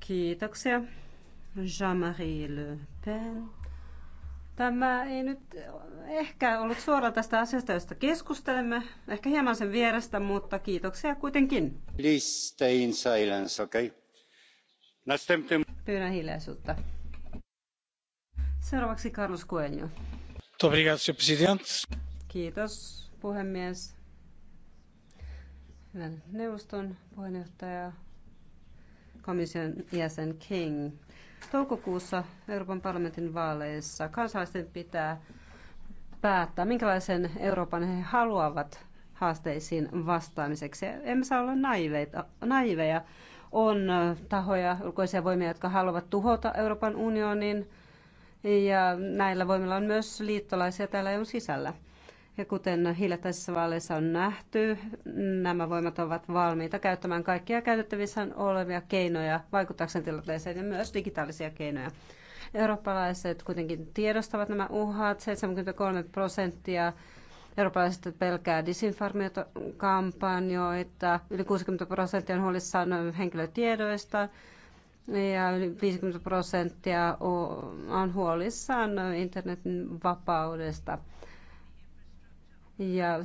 Kiitoksia. Jean-Marie Le Pen. Tämä ei nyt ehkä ollut suora tästä asiasta, josta keskustelemme, ehkä hieman sen vierestä, mutta kiitoksia kuitenkin. Please stay in silence, okay? Pyydän hiljaisuutta. Seuraavaksi Carlos Coelho. Obrigado, president. Kiitos, puhemies. Hyvän neuvoston puheenjohtaja, komission jäsen King. Toukokuussa Euroopan parlamentin vaaleissa kansalaisten pitää päättää, minkälaisen Euroopan he haluavat haasteisiin vastaamiseksi. Emme saa olla naiveita, naiveja. On tahoja, ulkoisia voimia, jotka haluavat tuhota Euroopan unionin, ja näillä voimilla on myös liittolaisia täällä EUn sisällä. Ja kuten hiljattaisissa vaaleissa on nähty, nämä voimat ovat valmiita käyttämään kaikkia käytettävissä olevia keinoja vaikuttaakseen tilanteeseen ja myös digitaalisia keinoja. Eurooppalaiset kuitenkin tiedostavat nämä uhat. 73 prosenttia eurooppalaiset pelkää disinformaatiokampanjoita. Yli 60 prosenttia on huolissaan henkilötiedoista ja yli 50 prosenttia on huolissaan internetin vapaudesta. Ja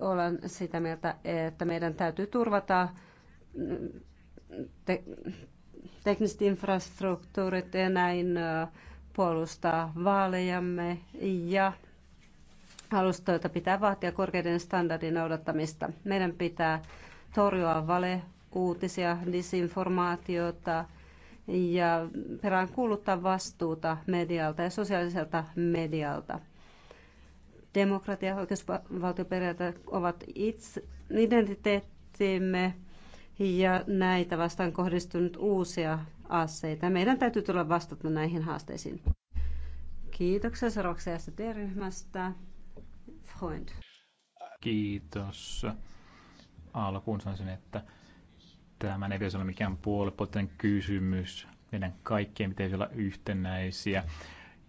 olen sitä mieltä, että meidän täytyy turvata te- tekniset infrastruktuurit ja näin puolustaa vaalejamme ja alustoilta pitää vaatia korkeiden standardin noudattamista. Meidän pitää torjua vale, uutisia, disinformaatiota ja kuuluttaa vastuuta medialta ja sosiaaliselta medialta. Demokratia ja oikeusvaltioperiaate ovat itse identiteettimme ja näitä vastaan kohdistunut uusia aseita. Meidän täytyy tulla vastata näihin haasteisiin. Kiitoksia seuraavaksi ST-ryhmästä. Freund. Kiitos. Alkuun sanoisin, että tämä ei pitäisi olla mikään puolipoten kysymys. Meidän kaikkien pitäisi olla yhtenäisiä,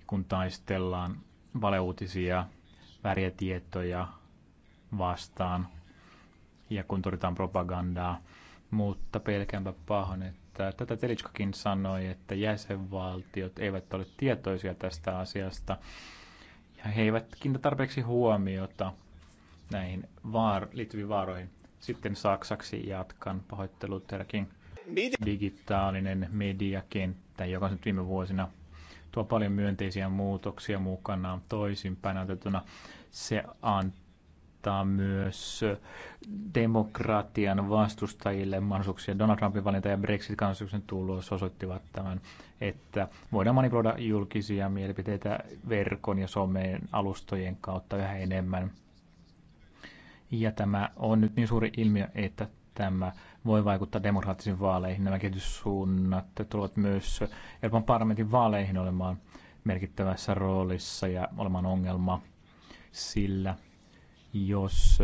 kun taistellaan valeuutisia värjetietoja tietoja vastaan ja kun torjutaan propagandaa. Mutta pelkäänpä pahoin, että tätä Telitskokin sanoi, että jäsenvaltiot eivät ole tietoisia tästä asiasta ja he eivät kiinnitä tarpeeksi huomiota näihin vaar- liittyviin vaaroihin. Sitten saksaksi jatkan pahoittelut, Terkin digitaalinen mediakenttä, joka on nyt viime vuosina tuo paljon myönteisiä muutoksia mukanaan toisinpäin otettuna. Se antaa myös demokratian vastustajille mahdollisuuksia. Donald Trumpin valinta ja Brexit-kansallisuuden tulos osoittivat tämän, että voidaan manipuloida julkisia mielipiteitä verkon ja someen alustojen kautta yhä enemmän. Ja tämä on nyt niin suuri ilmiö, että tämä voi vaikuttaa demokraattisiin vaaleihin. Nämä kehityssuunnat tulevat myös Euroopan parlamentin vaaleihin olemaan merkittävässä roolissa ja olemaan ongelma sillä, jos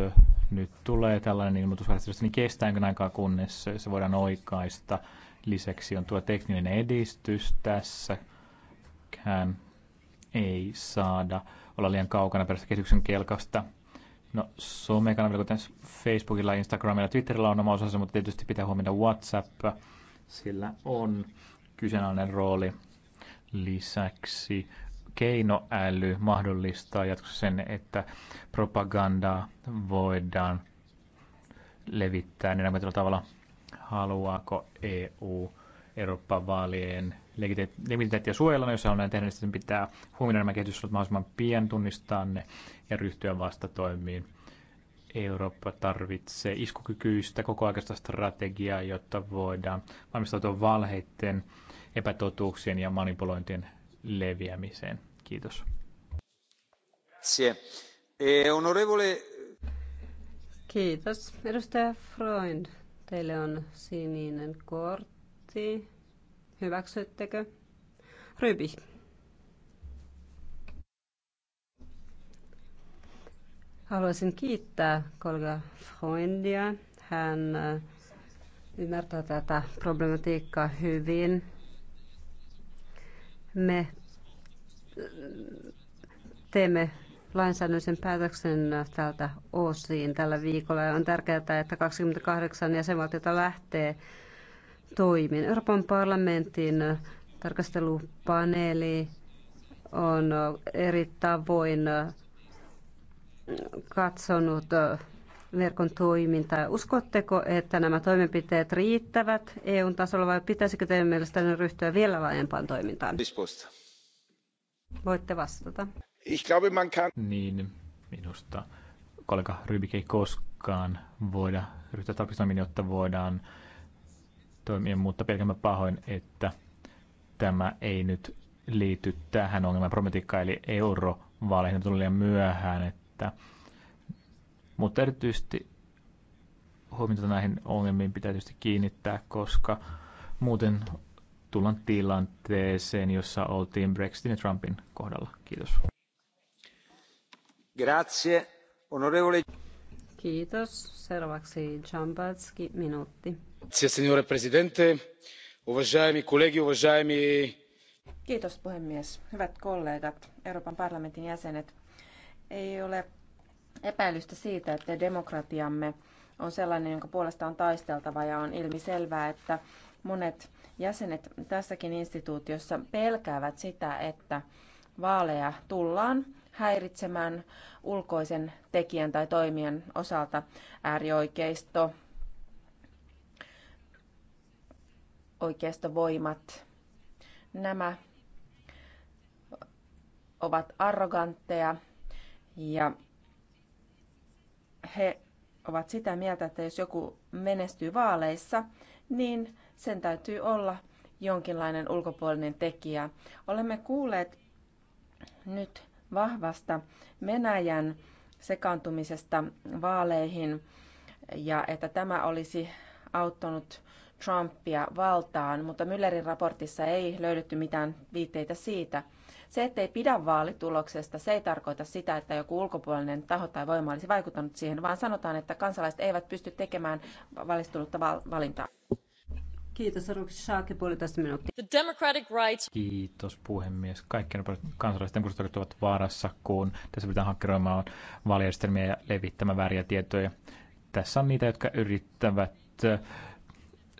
nyt tulee tällainen ilmoitus, niin kestääkö aikaa, kunnes se voidaan oikaista. Lisäksi on tuo tekninen edistys tässä, Hän ei saada olla liian kaukana perästä kehityksen kelkasta – No, somekanavilla, kuten Facebookilla, Instagramilla, Twitterillä on oma osansa, mutta tietysti pitää huomioida WhatsApp. Sillä on kyseenalainen rooli. Lisäksi keinoäly mahdollistaa jatkossa sen, että propagandaa voidaan levittää niin tavalla. Haluaako EU Eurooppa-vaalien legitimiteettiä suojella, jos on tehdä, niin pitää huomioida nämä kehitysolot mahdollisimman pian, tunnistaa ne ja ryhtyä vastatoimiin. Eurooppa tarvitsee iskukykyistä kokoaikaista strategiaa, jotta voidaan valmistautua valheiden, epätotuuksien ja manipulointien leviämiseen. Kiitos. Eh, Kiitos. Edustaja Freund, teille on sininen kortti. Hyväksyttekö? Ryby. Haluaisin kiittää kollega Freundia. Hän äh, ymmärtää tätä problematiikkaa hyvin. Me äh, teemme lainsäädännöllisen päätöksen tältä osin tällä viikolla. Ja on tärkeää, että 28 jäsenvaltiota lähtee toimin. Euroopan parlamentin tarkastelupaneeli on eri tavoin katsonut verkon toimintaa. Uskotteko, että nämä toimenpiteet riittävät eu tasolla vai pitäisikö teidän mielestänne ryhtyä vielä laajempaan toimintaan? Voitte vastata. Ich glaube, man kann... Niin, minusta kollega Rybik ei koskaan voida ryhtyä tarkistamaan, jotta voidaan toimia, mutta pelkämme pahoin, että tämä ei nyt liity tähän ongelmaan. Prometiikka eli eurovaaleihin tuli liian myöhään. Että, mutta erityisesti huomiota näihin ongelmiin pitää tietysti kiinnittää, koska muuten tullaan tilanteeseen, jossa oltiin Brexitin ja Trumpin kohdalla. Kiitos. Grazie. Onorevole. Kiitos. Seuraavaksi Jambatski, minuutti signora presidente puhemies. Hyvät kollegat, Euroopan parlamentin jäsenet. Ei ole epäilystä siitä, että demokratiamme on sellainen, jonka puolesta on taisteltava ja on ilmiselvää, että monet jäsenet tässäkin instituutiossa pelkäävät sitä, että vaaleja tullaan häiritsemään ulkoisen tekijän tai toimijan osalta äärioikeisto, oikeistovoimat. Nämä ovat arrogantteja ja he ovat sitä mieltä, että jos joku menestyy vaaleissa, niin sen täytyy olla jonkinlainen ulkopuolinen tekijä. Olemme kuulleet nyt vahvasta Venäjän sekaantumisesta vaaleihin ja että tämä olisi auttanut Trumpia valtaan, mutta Müllerin raportissa ei löydetty mitään viitteitä siitä. Se, ettei pidä vaalituloksesta, se ei tarkoita sitä, että joku ulkopuolinen taho tai voima olisi vaikuttanut siihen, vaan sanotaan, että kansalaiset eivät pysty tekemään valistunutta val- valintaa. Kiitos, Ruki Shaake, puolitoista minuuttia. The democratic rights. Kiitos, puhemies. Kaikki kansalaiset demokratiat ovat vaarassa, kun tässä pitää hakkeroimaan vaalijärjestelmiä ja levittämään vääriä tietoja. Tässä on niitä, jotka yrittävät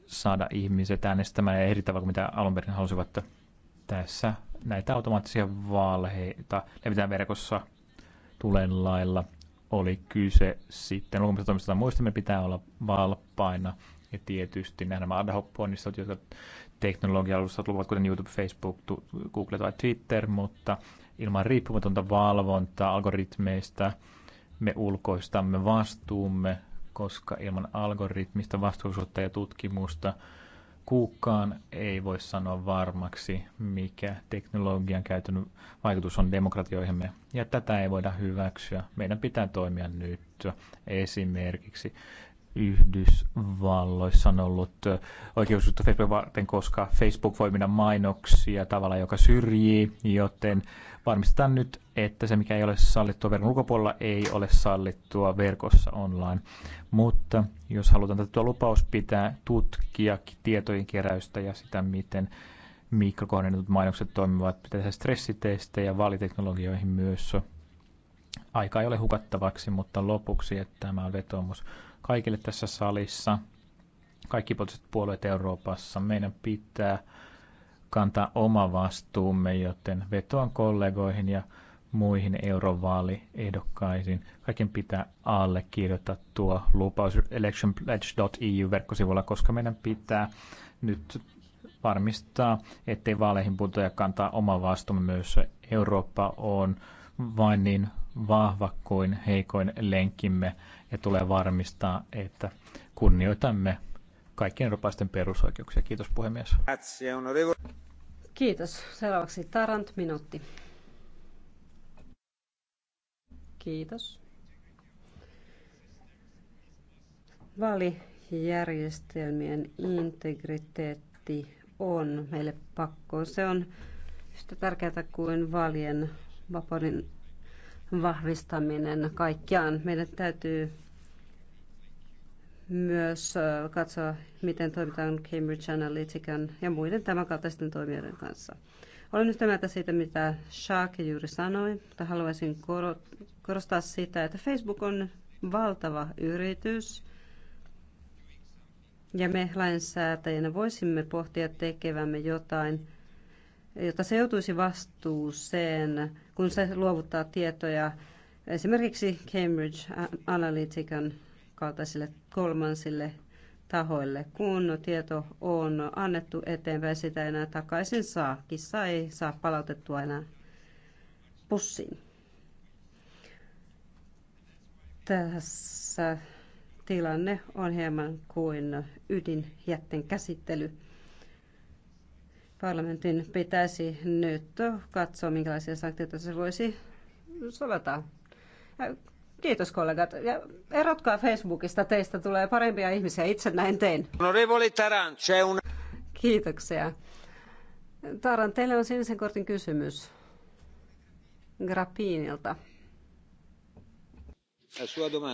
saada ihmiset äänestämään ja eri tavalla kuin mitä alun perin halusivat. Tässä näitä automaattisia valheita levitään verkossa tulen lailla. Oli kyse sitten ulkomaista toimista muista, me pitää olla valppaina. Ja tietysti nämä ad hoc ponnistot, jotka teknologia luvat, kuten YouTube, Facebook, Google tai Twitter, mutta ilman riippumatonta valvontaa algoritmeista me ulkoistamme vastuumme koska ilman algoritmista vastuullisuutta ja tutkimusta kukaan ei voi sanoa varmaksi, mikä teknologian käytön vaikutus on demokratioihimme, ja tätä ei voida hyväksyä. Meidän pitää toimia nyt esimerkiksi Yhdysvalloissa on ollut oikeusjuttu Facebook varten, koska Facebook voi mennä mainoksia tavalla, joka syrjii, joten varmistetaan nyt, että se mikä ei ole sallittua verkon ulkopuolella ei ole sallittua verkossa online. Mutta jos halutaan tätä lupaus pitää tutkia tietojen keräystä ja sitä, miten mikrokohdennetut mainokset toimivat, pitää tehdä stressitestejä valiteknologioihin myös. Aika ei ole hukattavaksi, mutta lopuksi, että tämä on vetomus kaikille tässä salissa, kaikki poliittiset puolueet Euroopassa. Meidän pitää kantaa oma vastuumme, joten vetoan kollegoihin ja muihin eurovaaliehdokkaisiin. Kaiken pitää allekirjoittaa tuo lupaus electionpledge.eu-verkkosivulla, koska meidän pitää nyt varmistaa, ettei vaaleihin putoja kantaa oma vastuumme myös. Eurooppa on vain niin vahva kuin heikoin lenkimme ja tulee varmistaa, että kunnioitamme kaikkien eurooppalaisten perusoikeuksia. Kiitos puhemies. Kiitos. Seuraavaksi Tarant, minuutti. Kiitos. Vaalijärjestelmien integriteetti on meille pakko. Se on yhtä tärkeää kuin vaalien vapauden vahvistaminen kaikkiaan. Meidän täytyy myös katsoa, miten toimitaan Cambridge Analytican ja muiden tämänkaltaisten toimijoiden kanssa. Olen yhtä mieltä siitä, mitä Shaake juuri sanoi, mutta haluaisin korostaa sitä, että Facebook on valtava yritys ja me lainsäätäjänä voisimme pohtia tekevämme jotain, jotta se joutuisi vastuuseen kun se luovuttaa tietoja esimerkiksi Cambridge Analytican kaltaisille kolmansille tahoille, kun tieto on annettu eteenpäin, sitä enää takaisin saa. Kissa ei saa palautettua enää pussiin. Tässä tilanne on hieman kuin ydinjätten käsittely. Parlamentin pitäisi nyt katsoa, minkälaisia sanktioita se voisi soveltaa. Kiitos kollegat. Ja erotkaa Facebookista, teistä tulee parempia ihmisiä. Itse näin tein. Kiitoksia. Taran, teille on sinisen kortin kysymys Grappinilta.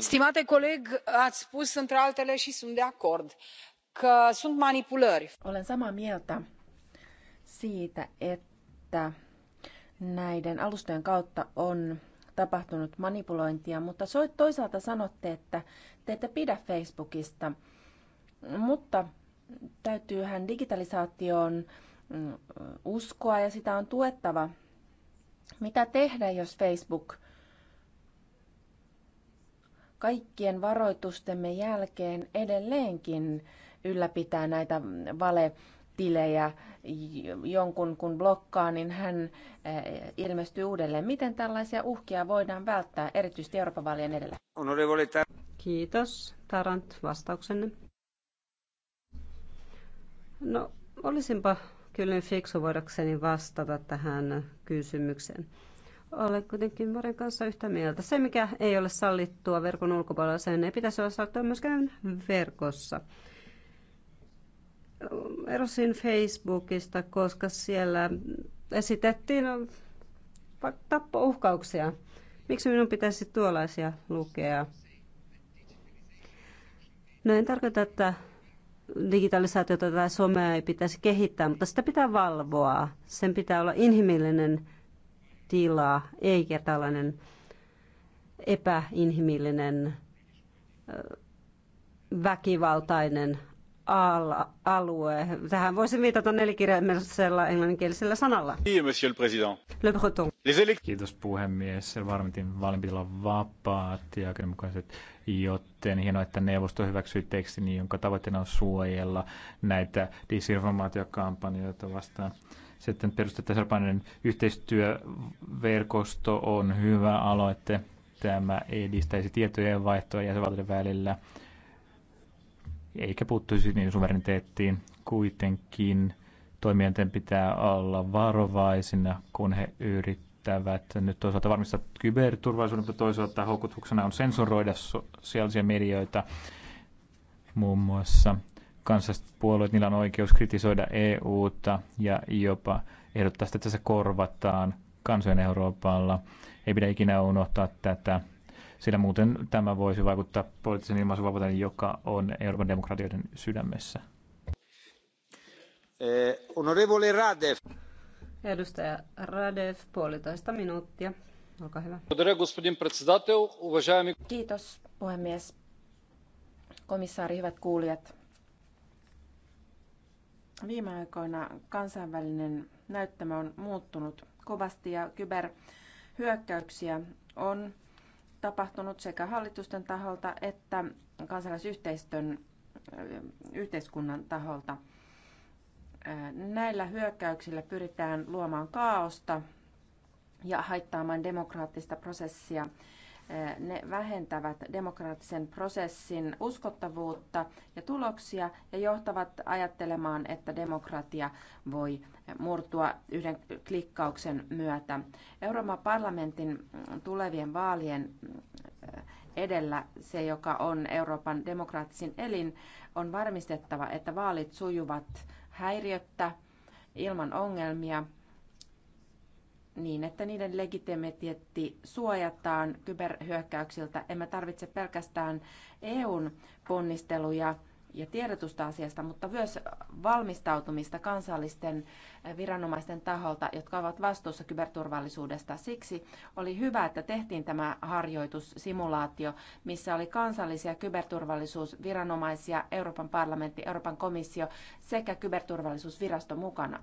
Stimate coleg, ați spus între altele și sunt de acord că sunt manipulări. Olen samaa mieltä siitä, että näiden alustojen kautta on tapahtunut manipulointia, mutta toisaalta sanotte, että te ette pidä Facebookista, mutta täytyyhän digitalisaatioon mm, uskoa ja sitä on tuettava. Mitä tehdä, jos Facebook kaikkien varoitustemme jälkeen edelleenkin ylläpitää näitä vale- tilejä jonkun kun blokkaa, niin hän eh, ilmestyy uudelleen. Miten tällaisia uhkia voidaan välttää, erityisesti Euroopan vaalien edellä? Kiitos. Tarant, vastauksenne. No, olisinpa kyllä niin fiksu voidakseni vastata tähän kysymykseen. Olen kuitenkin Maren kanssa yhtä mieltä. Se, mikä ei ole sallittua verkon ulkopuolella, sen ei pitäisi olla sallittua myöskään verkossa erosin Facebookista, koska siellä esitettiin tappouhkauksia. Miksi minun pitäisi tuollaisia lukea? No en tarkoita, että digitalisaatiota tai somea ei pitäisi kehittää, mutta sitä pitää valvoa. Sen pitää olla inhimillinen tila, eikä tällainen epäinhimillinen, väkivaltainen alue. Tähän voisi viitata nelikirjaimisella englanninkielisellä sanalla. Monsieur le Président. Le Breton. Kiitos puhemies. Varmitin vaalimpitilla on vapaat ja oikeudenmukaiset, joten hienoa, että neuvosto hyväksyi tekstin, jonka tavoitteena on suojella näitä disinformaatiokampanjoita vastaan. Sitten perustettaisiin yhteistyöverkosto on hyvä aloite. Tämä edistäisi tietojen vaihtoa jäsenvaltioiden välillä – eikä puuttuisi niin suvereniteettiin. Kuitenkin toimijoiden pitää olla varovaisina, kun he yrittävät nyt toisaalta varmistaa kyberturvallisuuden, mutta toisaalta houkutuksena on sensuroida sosiaalisia medioita, muun muassa kansalliset puolueet, niillä on oikeus kritisoida EUta ja jopa ehdottaa sitä, että se korvataan kansojen Euroopalla. Ei pidä ikinä unohtaa tätä sillä muuten tämä voisi vaikuttaa poliittisen ilmaisuvapauteen, joka on Euroopan demokratioiden sydämessä. Eh, onorevole Radev. Edustaja Radev, puolitoista minuuttia. Olkaa hyvä. Kiitos, puhemies. Komissaari, hyvät kuulijat. Viime aikoina kansainvälinen näyttämä on muuttunut kovasti ja kyberhyökkäyksiä on tapahtunut sekä hallitusten taholta että kansalaisyhteistön yhteiskunnan taholta. Näillä hyökkäyksillä pyritään luomaan kaaosta ja haittaamaan demokraattista prosessia Eh, ne vähentävät demokraattisen prosessin uskottavuutta ja tuloksia ja johtavat ajattelemaan, että demokratia voi murtua yhden klikkauksen myötä. Euroopan parlamentin tulevien vaalien eh, edellä se, joka on Euroopan demokraattisin elin, on varmistettava, että vaalit sujuvat häiriöttä ilman ongelmia niin, että niiden legitimiteetti suojataan kyberhyökkäyksiltä. Emme tarvitse pelkästään EUn ponnisteluja ja tiedotusta asiasta, mutta myös valmistautumista kansallisten viranomaisten taholta, jotka ovat vastuussa kyberturvallisuudesta. Siksi oli hyvä, että tehtiin tämä harjoitussimulaatio, missä oli kansallisia kyberturvallisuusviranomaisia, Euroopan parlamentti, Euroopan komissio sekä kyberturvallisuusvirasto mukana.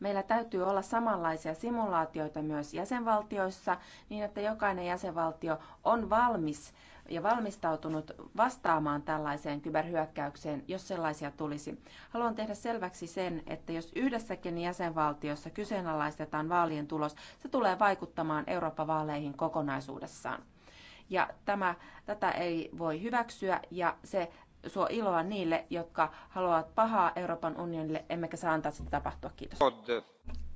Meillä täytyy olla samanlaisia simulaatioita myös jäsenvaltioissa, niin että jokainen jäsenvaltio on valmis ja valmistautunut vastaamaan tällaiseen kyberhyökkäykseen, jos sellaisia tulisi. Haluan tehdä selväksi sen, että jos yhdessäkin jäsenvaltiossa kyseenalaistetaan vaalien tulos, se tulee vaikuttamaan Eurooppa-vaaleihin kokonaisuudessaan. Ja tämä, tätä ei voi hyväksyä ja se suo iloa niille, jotka haluavat pahaa Euroopan unionille, emmekä saa antaa sitä tapahtua. Kiitos.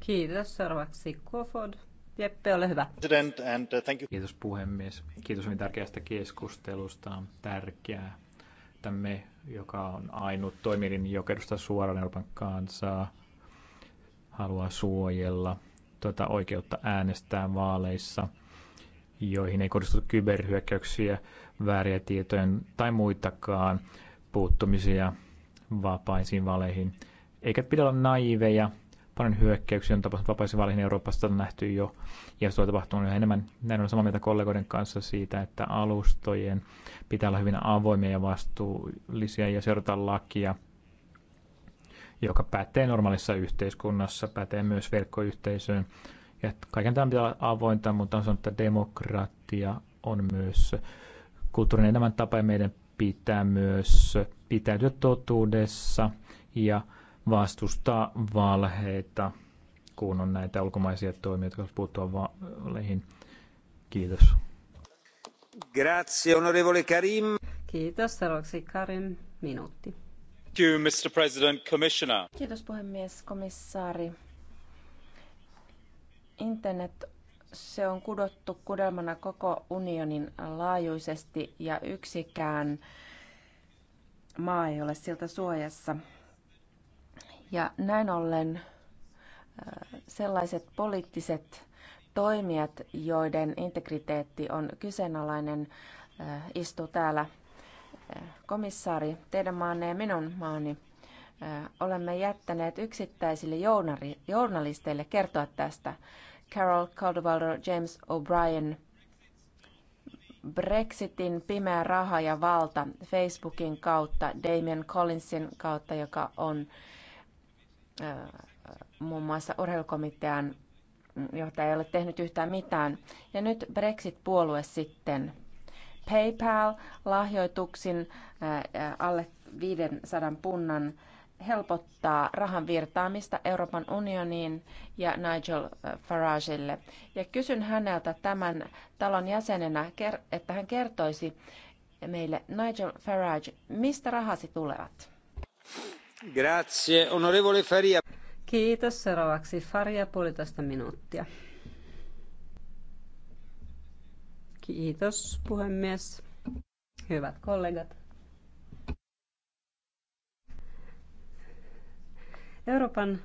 Kiitos. Seuraavaksi Kofod. Jeppe, ole hyvä. Uh, Kiitos puhemies. Kiitos hyvin tärkeästä keskustelusta. On tärkeää, että me, joka on ainut toimielin, joka edustaa suoraan Euroopan kansaa, haluaa suojella tuota oikeutta äänestää vaaleissa, joihin ei kohdistu kyberhyökkäyksiä, vääriä tietoja tai muitakaan puuttumisia vapaisiin valeihin. Eikä pidä olla naiveja. Paljon hyökkäyksiä on tapahtunut vapaisiin valeihin Euroopasta on nähty jo, ja se on tapahtunut yhä enemmän. Näin on samaa mieltä kollegoiden kanssa siitä, että alustojen pitää olla hyvin avoimia ja vastuullisia ja seurata lakia, joka pätee normaalissa yhteiskunnassa, pätee myös verkkoyhteisöön. Ja kaiken tämän pitää olla avointa, mutta on sanottu, että demokratia on myös kulttuurinen elämäntapa ja meidän pitää myös pitäytyä totuudessa ja vastustaa valheita, kun on näitä ulkomaisia toimia, jotka puuttua valheihin. Kiitos. Grazie, onorevole Karim. Kiitos, seuraavaksi Karim, minuutti. you, Mr. President, Commissioner. Kiitos puhemies, komissaari. Internet se on kudottu kudelmana koko unionin laajuisesti ja yksikään maa ei ole siltä suojassa. Ja näin ollen äh, sellaiset poliittiset toimijat, joiden integriteetti on kyseenalainen, äh, istuu täällä äh, komissaari, teidän maanne ja minun maani. Olemme jättäneet yksittäisille journalisteille kertoa tästä. Carol Caldwell, James O'Brien. Brexitin pimeä raha ja valta Facebookin kautta, Damien Collinsin kautta, joka on muun mm. muassa urheilukomitean johtaja, ei ole tehnyt yhtään mitään. Ja nyt Brexit-puolue sitten. PayPal lahjoituksin alle 500 punnan helpottaa rahan virtaamista Euroopan unioniin ja Nigel Faragelle. Ja kysyn häneltä tämän talon jäsenenä, että hän kertoisi meille Nigel Farage, mistä rahasi tulevat? Grazie, onorevole Faria. Kiitos. Seuraavaksi Faria puolitoista minuuttia. Kiitos puhemies. Hyvät kollegat. Euroopan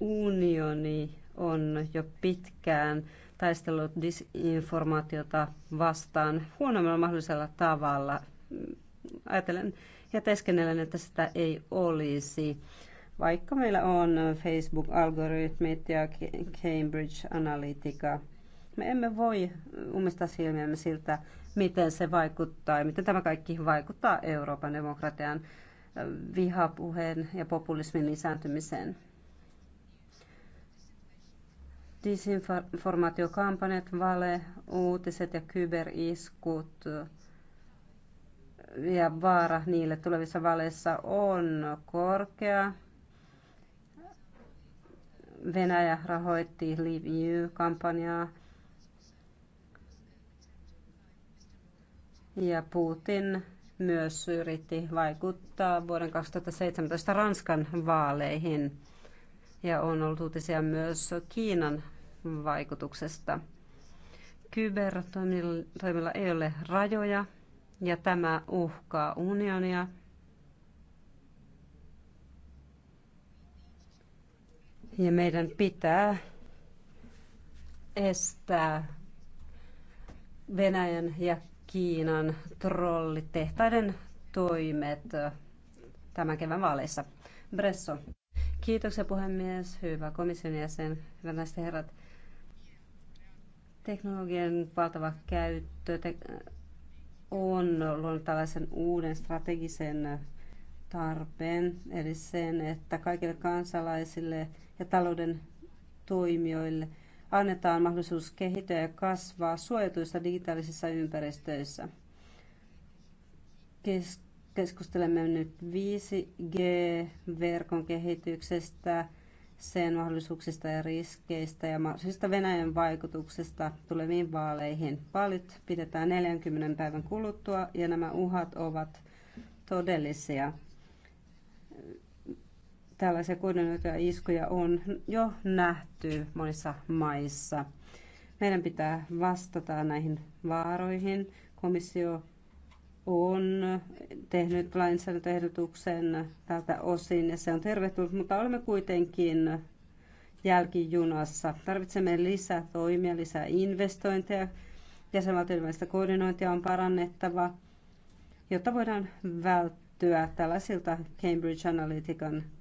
unioni on jo pitkään taistellut disinformaatiota vastaan huonommalla mahdollisella tavalla. Ajattelen ja teeskennellen, että sitä ei olisi. Vaikka meillä on Facebook-algoritmit ja Cambridge Analytica, me emme voi ummistaa silmiämme siltä, miten se vaikuttaa ja miten tämä kaikki vaikuttaa Euroopan demokratiaan vihapuheen ja populismin lisääntymiseen. Disinformaatiokampanjat, vale, uutiset ja kyberiskut ja vaara niille tulevissa vaaleissa on korkea. Venäjä rahoitti Leave EU-kampanjaa ja Putin myös yritti vaikuttaa vuoden 2017 Ranskan vaaleihin. Ja on ollut uutisia myös Kiinan vaikutuksesta. Kybertoimilla ei ole rajoja ja tämä uhkaa unionia. Ja meidän pitää estää Venäjän ja Kiinan trollitehtaiden toimet tämän kevään vaaleissa. Bresso. Kiitoksia puhemies, hyvä komission jäsen, hyvät naiset herrat. Teknologian valtava käyttö on luonut tällaisen uuden strategisen tarpeen, eli sen, että kaikille kansalaisille ja talouden toimijoille – annetaan mahdollisuus kehittyä ja kasvaa suojatuissa digitaalisissa ympäristöissä. Keskustelemme nyt 5G-verkon kehityksestä, sen mahdollisuuksista ja riskeistä ja mahdollisista Venäjän vaikutuksesta tuleviin vaaleihin. Vaalit pidetään 40 päivän kuluttua ja nämä uhat ovat todellisia. Tällaisia koordinoituja iskuja on jo nähty monissa maissa. Meidän pitää vastata näihin vaaroihin. Komissio on tehnyt lainsäädäntöehdotuksen tältä osin ja se on tervetullut, mutta olemme kuitenkin jälkijunassa. Tarvitsemme lisää toimia, lisää investointeja. Jäsenvaltioiden välistä koordinointia on parannettava, jotta voidaan välttää tällaisilta Cambridge Analytican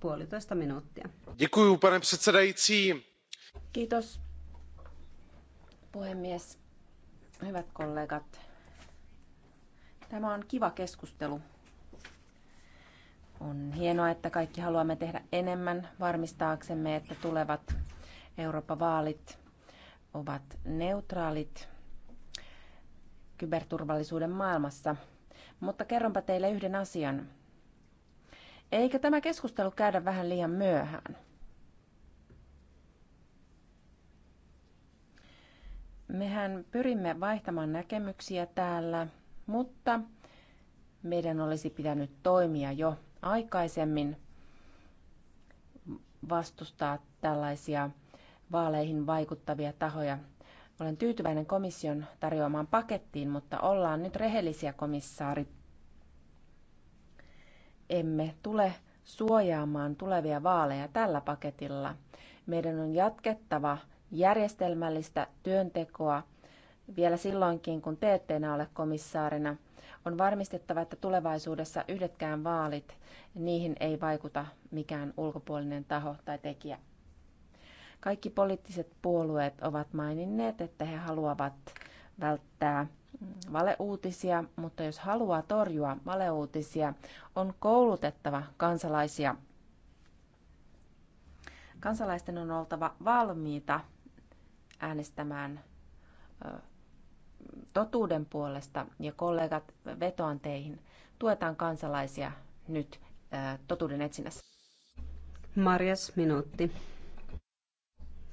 puolitoista minuuttia. Děkuju, pane předsedající. Kiitos, puhemies. Hyvät kollegat, tämä on kiva keskustelu. On hienoa, että kaikki haluamme tehdä enemmän varmistaaksemme, että tulevat Euroopan vaalit ovat neutraalit kyberturvallisuuden maailmassa. Mutta kerronpa teille yhden asian. Eikö tämä keskustelu käydä vähän liian myöhään? Mehän pyrimme vaihtamaan näkemyksiä täällä, mutta meidän olisi pitänyt toimia jo aikaisemmin vastustaa tällaisia vaaleihin vaikuttavia tahoja. Olen tyytyväinen komission tarjoamaan pakettiin, mutta ollaan nyt rehellisiä komissaari emme tule suojaamaan tulevia vaaleja tällä paketilla. Meidän on jatkettava järjestelmällistä työntekoa vielä silloinkin, kun te ette enää ole komissaarina. On varmistettava, että tulevaisuudessa yhdetkään vaalit, niihin ei vaikuta mikään ulkopuolinen taho tai tekijä. Kaikki poliittiset puolueet ovat maininneet, että he haluavat välttää valeuutisia, mutta jos haluaa torjua valeuutisia, on koulutettava kansalaisia. Kansalaisten on oltava valmiita äänestämään totuuden puolesta ja kollegat vetoan teihin. Tuetaan kansalaisia nyt totuuden etsinnässä. Marjas minuutti.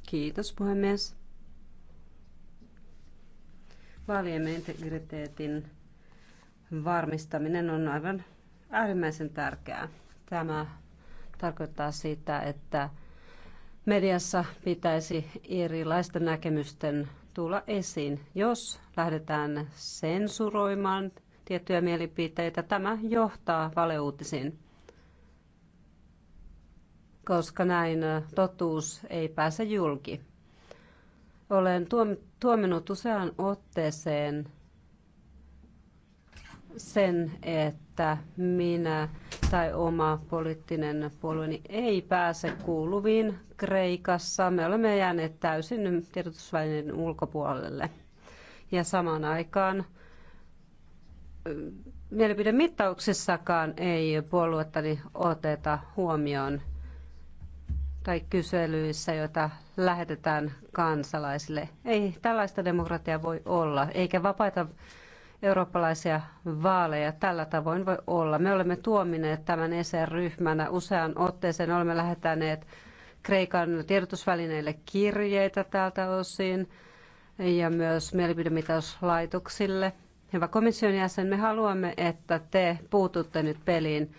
Kiitos puhemies vaalien integriteetin varmistaminen on aivan äärimmäisen tärkeää. Tämä tarkoittaa sitä, että mediassa pitäisi erilaisten näkemysten tulla esiin. Jos lähdetään sensuroimaan tiettyjä mielipiteitä, tämä johtaa valeuutisiin, koska näin totuus ei pääse julki. Olen tuominut useaan otteeseen sen, että minä tai oma poliittinen puolueeni ei pääse kuuluviin Kreikassa. Me olemme jääneet täysin tiedotusvälineiden ulkopuolelle. Ja samaan aikaan mielipidemittauksissakaan ei puoluettani oteta huomioon tai kyselyissä, joita lähetetään kansalaisille. Ei tällaista demokratiaa voi olla, eikä vapaita eurooppalaisia vaaleja tällä tavoin voi olla. Me olemme tuomineet tämän ESR-ryhmänä usean otteeseen. Olemme lähettäneet Kreikan tiedotusvälineille kirjeitä tältä osin ja myös mielipidemitauslaitoksille. Hyvä komission jäsen, me haluamme, että te puututte nyt peliin,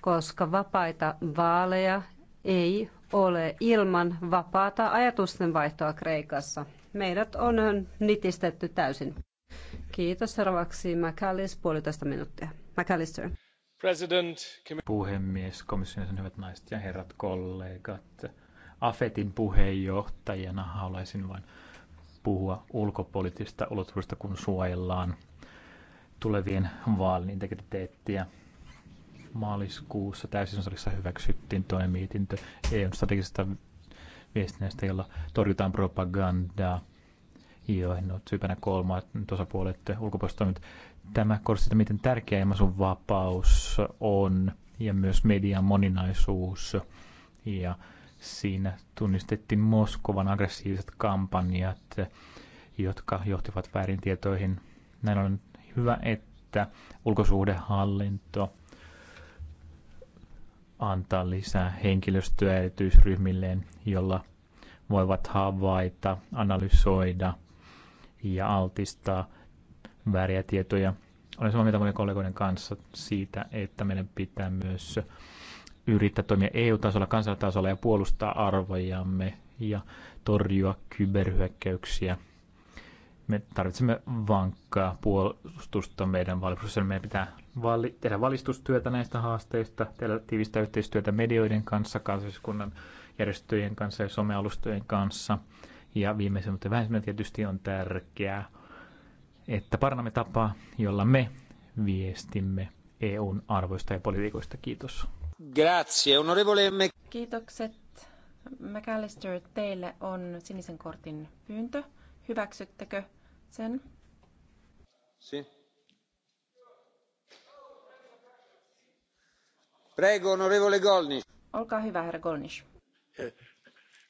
koska vapaita vaaleja ei ole ilman vapaata ajatustenvaihtoa Kreikassa. Meidät on nitistetty täysin. Kiitos. Seuraavaksi Mäkälis, puolitoista minuuttia. sir. President, Puhemies, komission hyvät naiset ja herrat kollegat. AFETin puheenjohtajana haluaisin vain puhua ulkopoliittisesta ulottuvuudesta, kun suojellaan tulevien vaalien integriteettiä. Maaliskuussa täysin hyväksyi Putin ja mietintö EUn strategisesta viestinnästä, jolla torjutaan propagandaa, joihin no syypänä kolmat osapuolet ulkopuoliset Tämä korostaa miten tärkeä ilmaisun vapaus on ja myös median moninaisuus. Ja siinä tunnistettiin Moskovan aggressiiviset kampanjat, jotka johtivat väärin tietoihin. Näin on hyvä, että ulkosuhdehallinto – antaa lisää henkilöstöä erityisryhmilleen, jolla voivat havaita, analysoida ja altistaa vääriä tietoja. Olen samaa mieltä monien kollegoiden kanssa siitä, että meidän pitää myös yrittää toimia EU-tasolla, kansallisella tasolla ja puolustaa arvojamme ja torjua kyberhyökkäyksiä me tarvitsemme vankkaa puolustusta meidän valistukselle. Meidän pitää vali- tehdä valistustyötä näistä haasteista, tehdä tiivistä yhteistyötä medioiden kanssa, kansalliskunnan järjestöjen kanssa ja somealustojen kanssa. Ja viimeisen, mutta vähemmän tietysti on tärkeää, että parannamme tapaa, jolla me viestimme EUn arvoista ja politiikoista. Kiitos. Grazie, onorevole Kiitokset. McAllister, teille on sinisen kortin pyyntö. Hyväksyttekö? sen. Si. Prego, onorevole Golnis. Olkaa hyvä, herra Golnis.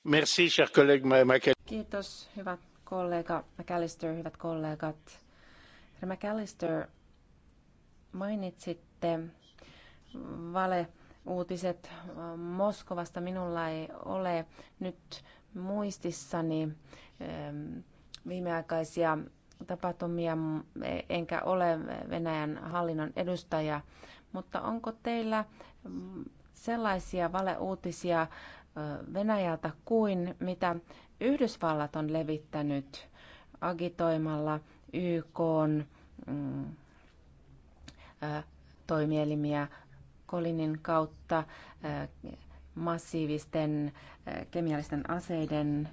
Merci, cher collègue Kiitos, hyvä kollega McAllister, hyvät kollegat. Herra McAllister, mainitsitte vale uutiset Moskovasta. Minulla ei ole nyt muistissani viimeaikaisia tapahtumia, enkä ole Venäjän hallinnon edustaja, mutta onko teillä sellaisia valeuutisia Venäjältä kuin mitä Yhdysvallat on levittänyt agitoimalla YK mm, toimielimiä Kolinin kautta massiivisten kemiallisten aseiden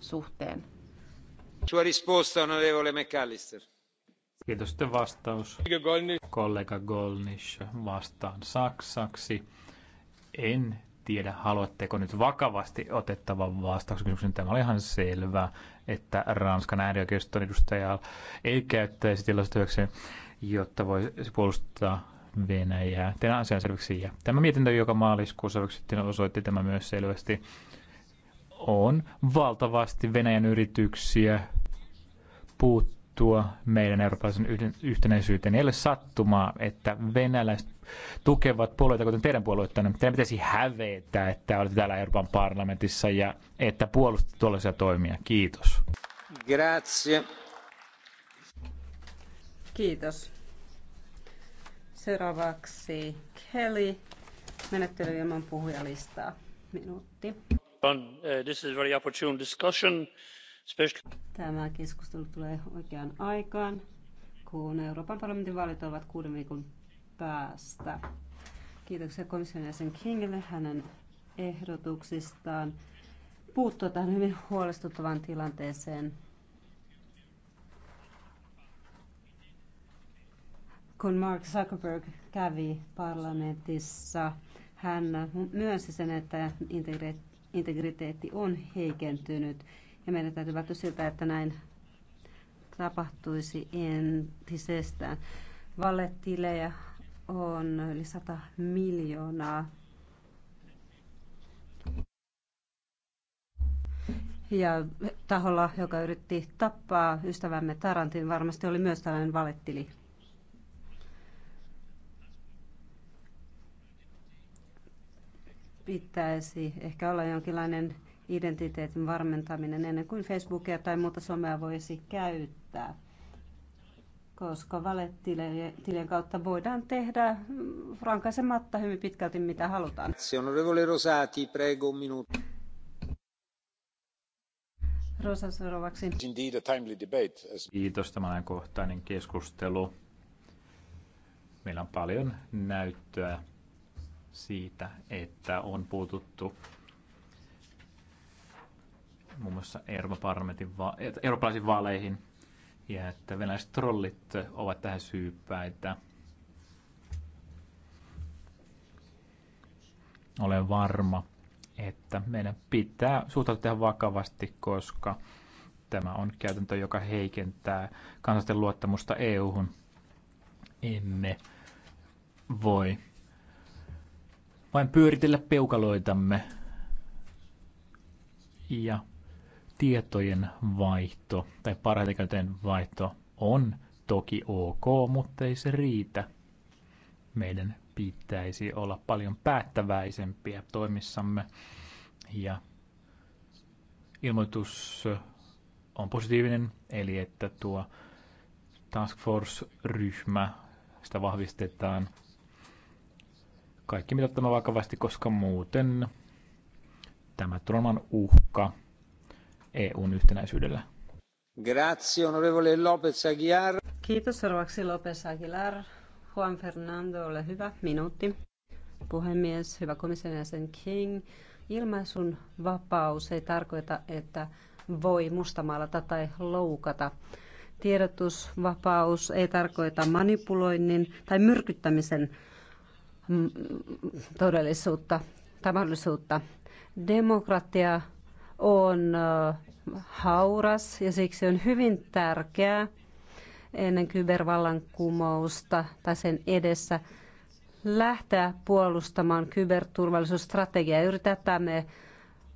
suhteen. Kiitos vastaus. Kollega Golnish vastaan saksaksi. En tiedä, haluatteko nyt vakavasti otettavan vastauksen Tämä oli ihan selvää, että Ranskan äärioikeiston edustaja ei käyttäisi tilasta jotta voisi puolustaa Venäjää. Tämä asian selväksi. Ja tämä mietintö, joka maaliskuussa hyväksyttiin, osoitti tämä myös selvästi on valtavasti Venäjän yrityksiä puuttua meidän eurooppalaisen yhtenäisyyteen. Ei ole sattumaa, että venäläiset tukevat puolueita, kuten teidän puolueettanne. Teidän pitäisi hävetä, että olette täällä Euroopan parlamentissa ja että puolustatte tuollaisia toimia. Kiitos. Grazie. Kiitos. Seuraavaksi Kelly, menettely ilman puhujalistaa. Minuutti. Uh, Tämä keskustelu tulee oikeaan aikaan, kun Euroopan parlamentin vaalit ovat kuuden viikon päästä. Kiitoksia komission jäsen Kingille hänen ehdotuksistaan puuttua tähän hyvin huolestuttavaan tilanteeseen. Kun Mark Zuckerberg kävi parlamentissa, hän myönsi sen, että integriteetti on heikentynyt ja meidän täytyy välttää siltä, että näin tapahtuisi entisestään. Valetilejä on yli 100 miljoonaa. Ja taholla, joka yritti tappaa ystävämme Tarantin, varmasti oli myös tällainen valettili. pitäisi ehkä olla jonkinlainen identiteetin varmentaminen ennen kuin Facebookia tai muuta somea voisi käyttää, koska valetilien kautta voidaan tehdä rankaisematta hyvin pitkälti mitä halutaan. Onorevole Rosati, prego un minuto. Rosa seuraavaksi. Kiitos, tämän ajankohtainen keskustelu. Meillä on paljon näyttöä siitä, että on puututtu muun muassa Euroopan va- eurooppalaisiin vaaleihin ja että venäläiset trollit ovat tähän syypäitä. Olen varma, että meidän pitää suhtautua tähän vakavasti, koska tämä on käytäntö, joka heikentää kansallisten luottamusta EU-hun. Emme voi vain pyöritellä peukaloitamme. Ja tietojen vaihto tai parhaiten käytetään vaihto on toki ok, mutta ei se riitä. Meidän pitäisi olla paljon päättäväisempiä toimissamme ja ilmoitus on positiivinen, eli että tuo task force-ryhmä, sitä vahvistetaan – kaikki mitä vakavasti, koska muuten tämä tulee uhka EUn yhtenäisyydellä. Grazie, onorevole López Aguilar. Kiitos, seuraavaksi López Aguilar. Juan Fernando, ole hyvä, minuutti. Puhemies, hyvä komission jäsen King. Ilmaisun vapaus ei tarkoita, että voi mustamaalata tai loukata. Tiedotusvapaus ei tarkoita manipuloinnin tai myrkyttämisen todellisuutta tai mahdollisuutta. Demokratia on hauras ja siksi on hyvin tärkeää ennen kybervallankumousta tai sen edessä lähteä puolustamaan kyberturvallisuusstrategiaa. Juuri tätä me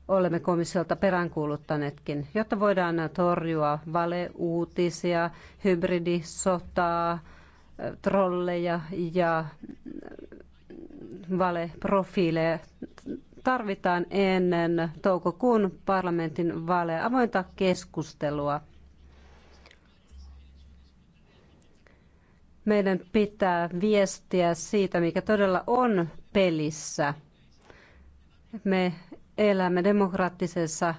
olemme komissiolta peräänkuuluttaneetkin, jotta voidaan torjua valeuutisia, hybridisotaa, trolleja ja valeprofiileja tarvitaan ennen toukokuun parlamentin vaaleja avointa keskustelua. Meidän pitää viestiä siitä, mikä todella on pelissä. Me elämme demokraattisessa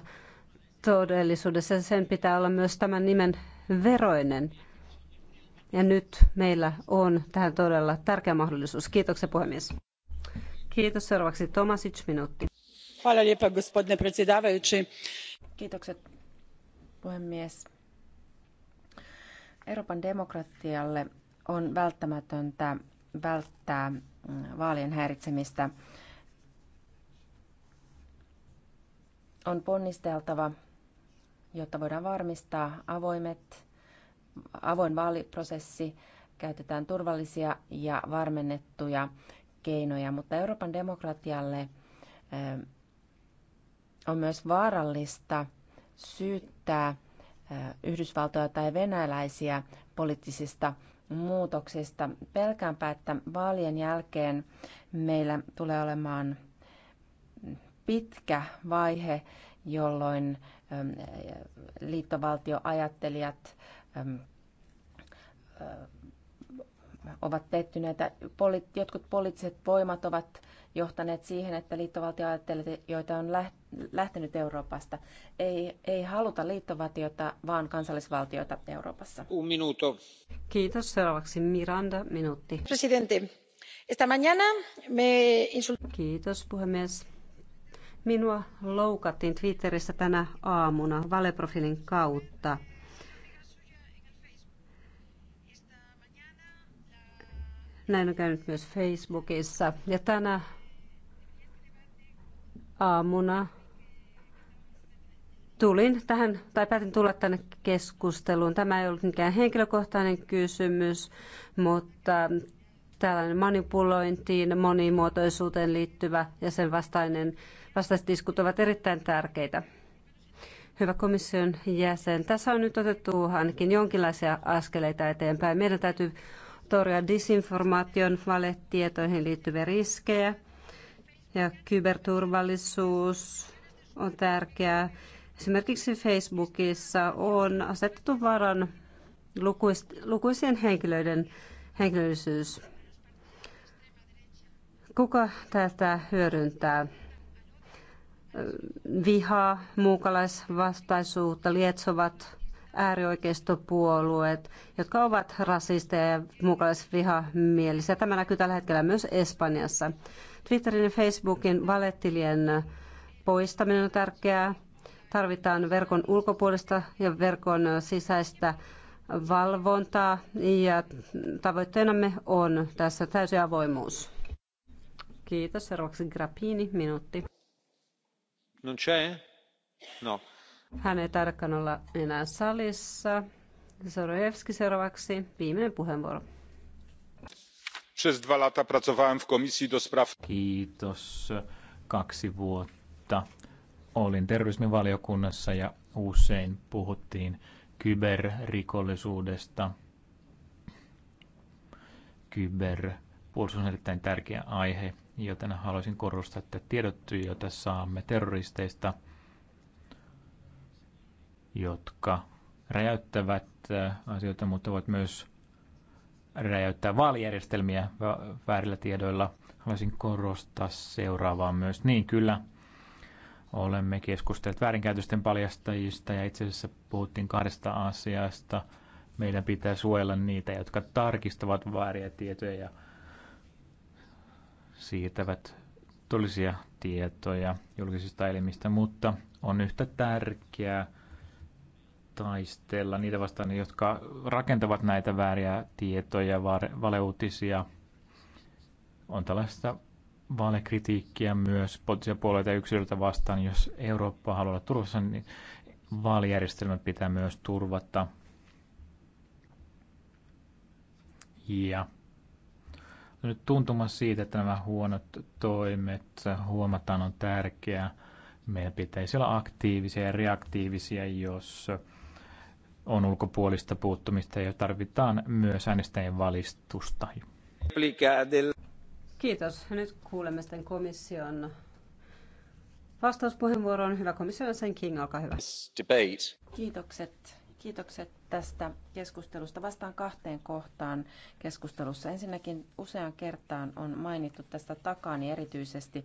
todellisuudessa ja sen pitää olla myös tämän nimen veroinen. Ja nyt meillä on tähän todella tärkeä mahdollisuus. Kiitoksia puhemies. Kiitos. Seuraavaksi Tomasic, minuutti. Hvala gospodine predsjedavajui Kiitokset, puhemies. Euroopan demokratialle on välttämätöntä välttää mm, vaalien häiritsemistä. On ponnisteltava, jotta voidaan varmistaa avoimet, avoin vaaliprosessi, käytetään turvallisia ja varmennettuja keinoja, mutta Euroopan demokratialle eh, on myös vaarallista syyttää eh, Yhdysvaltoja tai venäläisiä poliittisista muutoksista. Pelkäänpä, että vaalien jälkeen meillä tulee olemaan pitkä vaihe, jolloin eh, liittovaltioajattelijat ovat pettyneitä. Poli- jotkut poliittiset voimat ovat johtaneet siihen, että liittovaltioajattelijat, joita on lähtenyt Euroopasta, ei, ei haluta liittovaltiota, vaan kansallisvaltiota Euroopassa. Un minuto. Kiitos. Seuraavaksi Miranda, minuutti. Presidentti, esta mañana me insult- Kiitos, puhemies. Minua loukattiin Twitterissä tänä aamuna valeprofiilin kautta – Näin on käynyt myös Facebookissa. Ja tänä aamuna tulin tähän, tai päätin tulla tänne keskusteluun. Tämä ei ollut mikään henkilökohtainen kysymys, mutta tällainen manipulointiin, monimuotoisuuteen liittyvä ja sen vastainen, vastaiset iskut ovat erittäin tärkeitä. Hyvä komission jäsen, tässä on nyt otettu ainakin jonkinlaisia askeleita eteenpäin. Meidän täytyy historia, disinformaation valetietoihin liittyviä riskejä. Ja kyberturvallisuus on tärkeää. Esimerkiksi Facebookissa on asetettu varan lukuisien henkilöiden henkilöllisyys. Kuka tätä hyödyntää? Vihaa, muukalaisvastaisuutta lietsovat äärioikeistopuolueet, jotka ovat rasisteja ja muukalaisvihamielisiä. Tämä näkyy tällä hetkellä myös Espanjassa. Twitterin ja Facebookin valettilien poistaminen on tärkeää. Tarvitaan verkon ulkopuolista ja verkon sisäistä valvontaa ja tavoitteenamme on tässä täysi avoimuus. Kiitos. Seuraavaksi Grappini, minuutti. Non c'è? No. Hän ei tarkkaan olla enää salissa. Zorojevski seuraavaksi, viimeinen puheenvuoro. Przez dwa lata pracowałem w komisji do spraw... Kiitos. Kaksi vuotta olin terrorismivaliokunnassa ja usein puhuttiin kyberrikollisuudesta. Kyberpuolustus on erittäin tärkeä aihe, joten haluaisin korostaa, että tiedot, joita saamme terroristeista – jotka räjäyttävät äh, asioita, mutta voit myös räjäyttää vaalijärjestelmiä väärillä tiedoilla. Haluaisin korostaa seuraavaa myös. Niin kyllä, olemme keskustelleet väärinkäytösten paljastajista ja itse asiassa puhuttiin kahdesta asiasta. Meidän pitää suojella niitä, jotka tarkistavat vääriä tietoja ja siirtävät tulisia tietoja julkisista elimistä, mutta on yhtä tärkeää, taistella niitä vastaan, jotka rakentavat näitä vääriä tietoja, valeuutisia. On tällaista vaalikritiikkiä myös poliittisia puolueita ja yksilöitä vastaan. Jos Eurooppa haluaa olla turvassa, niin vaalijärjestelmä pitää myös turvata. Ja nyt tuntuma siitä, että nämä huonot toimet huomataan on tärkeää. Meidän pitäisi olla aktiivisia ja reaktiivisia, jos on ulkopuolista puuttumista ja tarvitaan myös äänestäjien valistusta. Kiitos. Nyt kuulemme sitten komission vastauspuheenvuoron. Hyvä komission sen King, olkaa hyvä. Kiitokset. Kiitokset tästä keskustelusta. Vastaan kahteen kohtaan keskustelussa. Ensinnäkin usean kertaan on mainittu tästä takani erityisesti,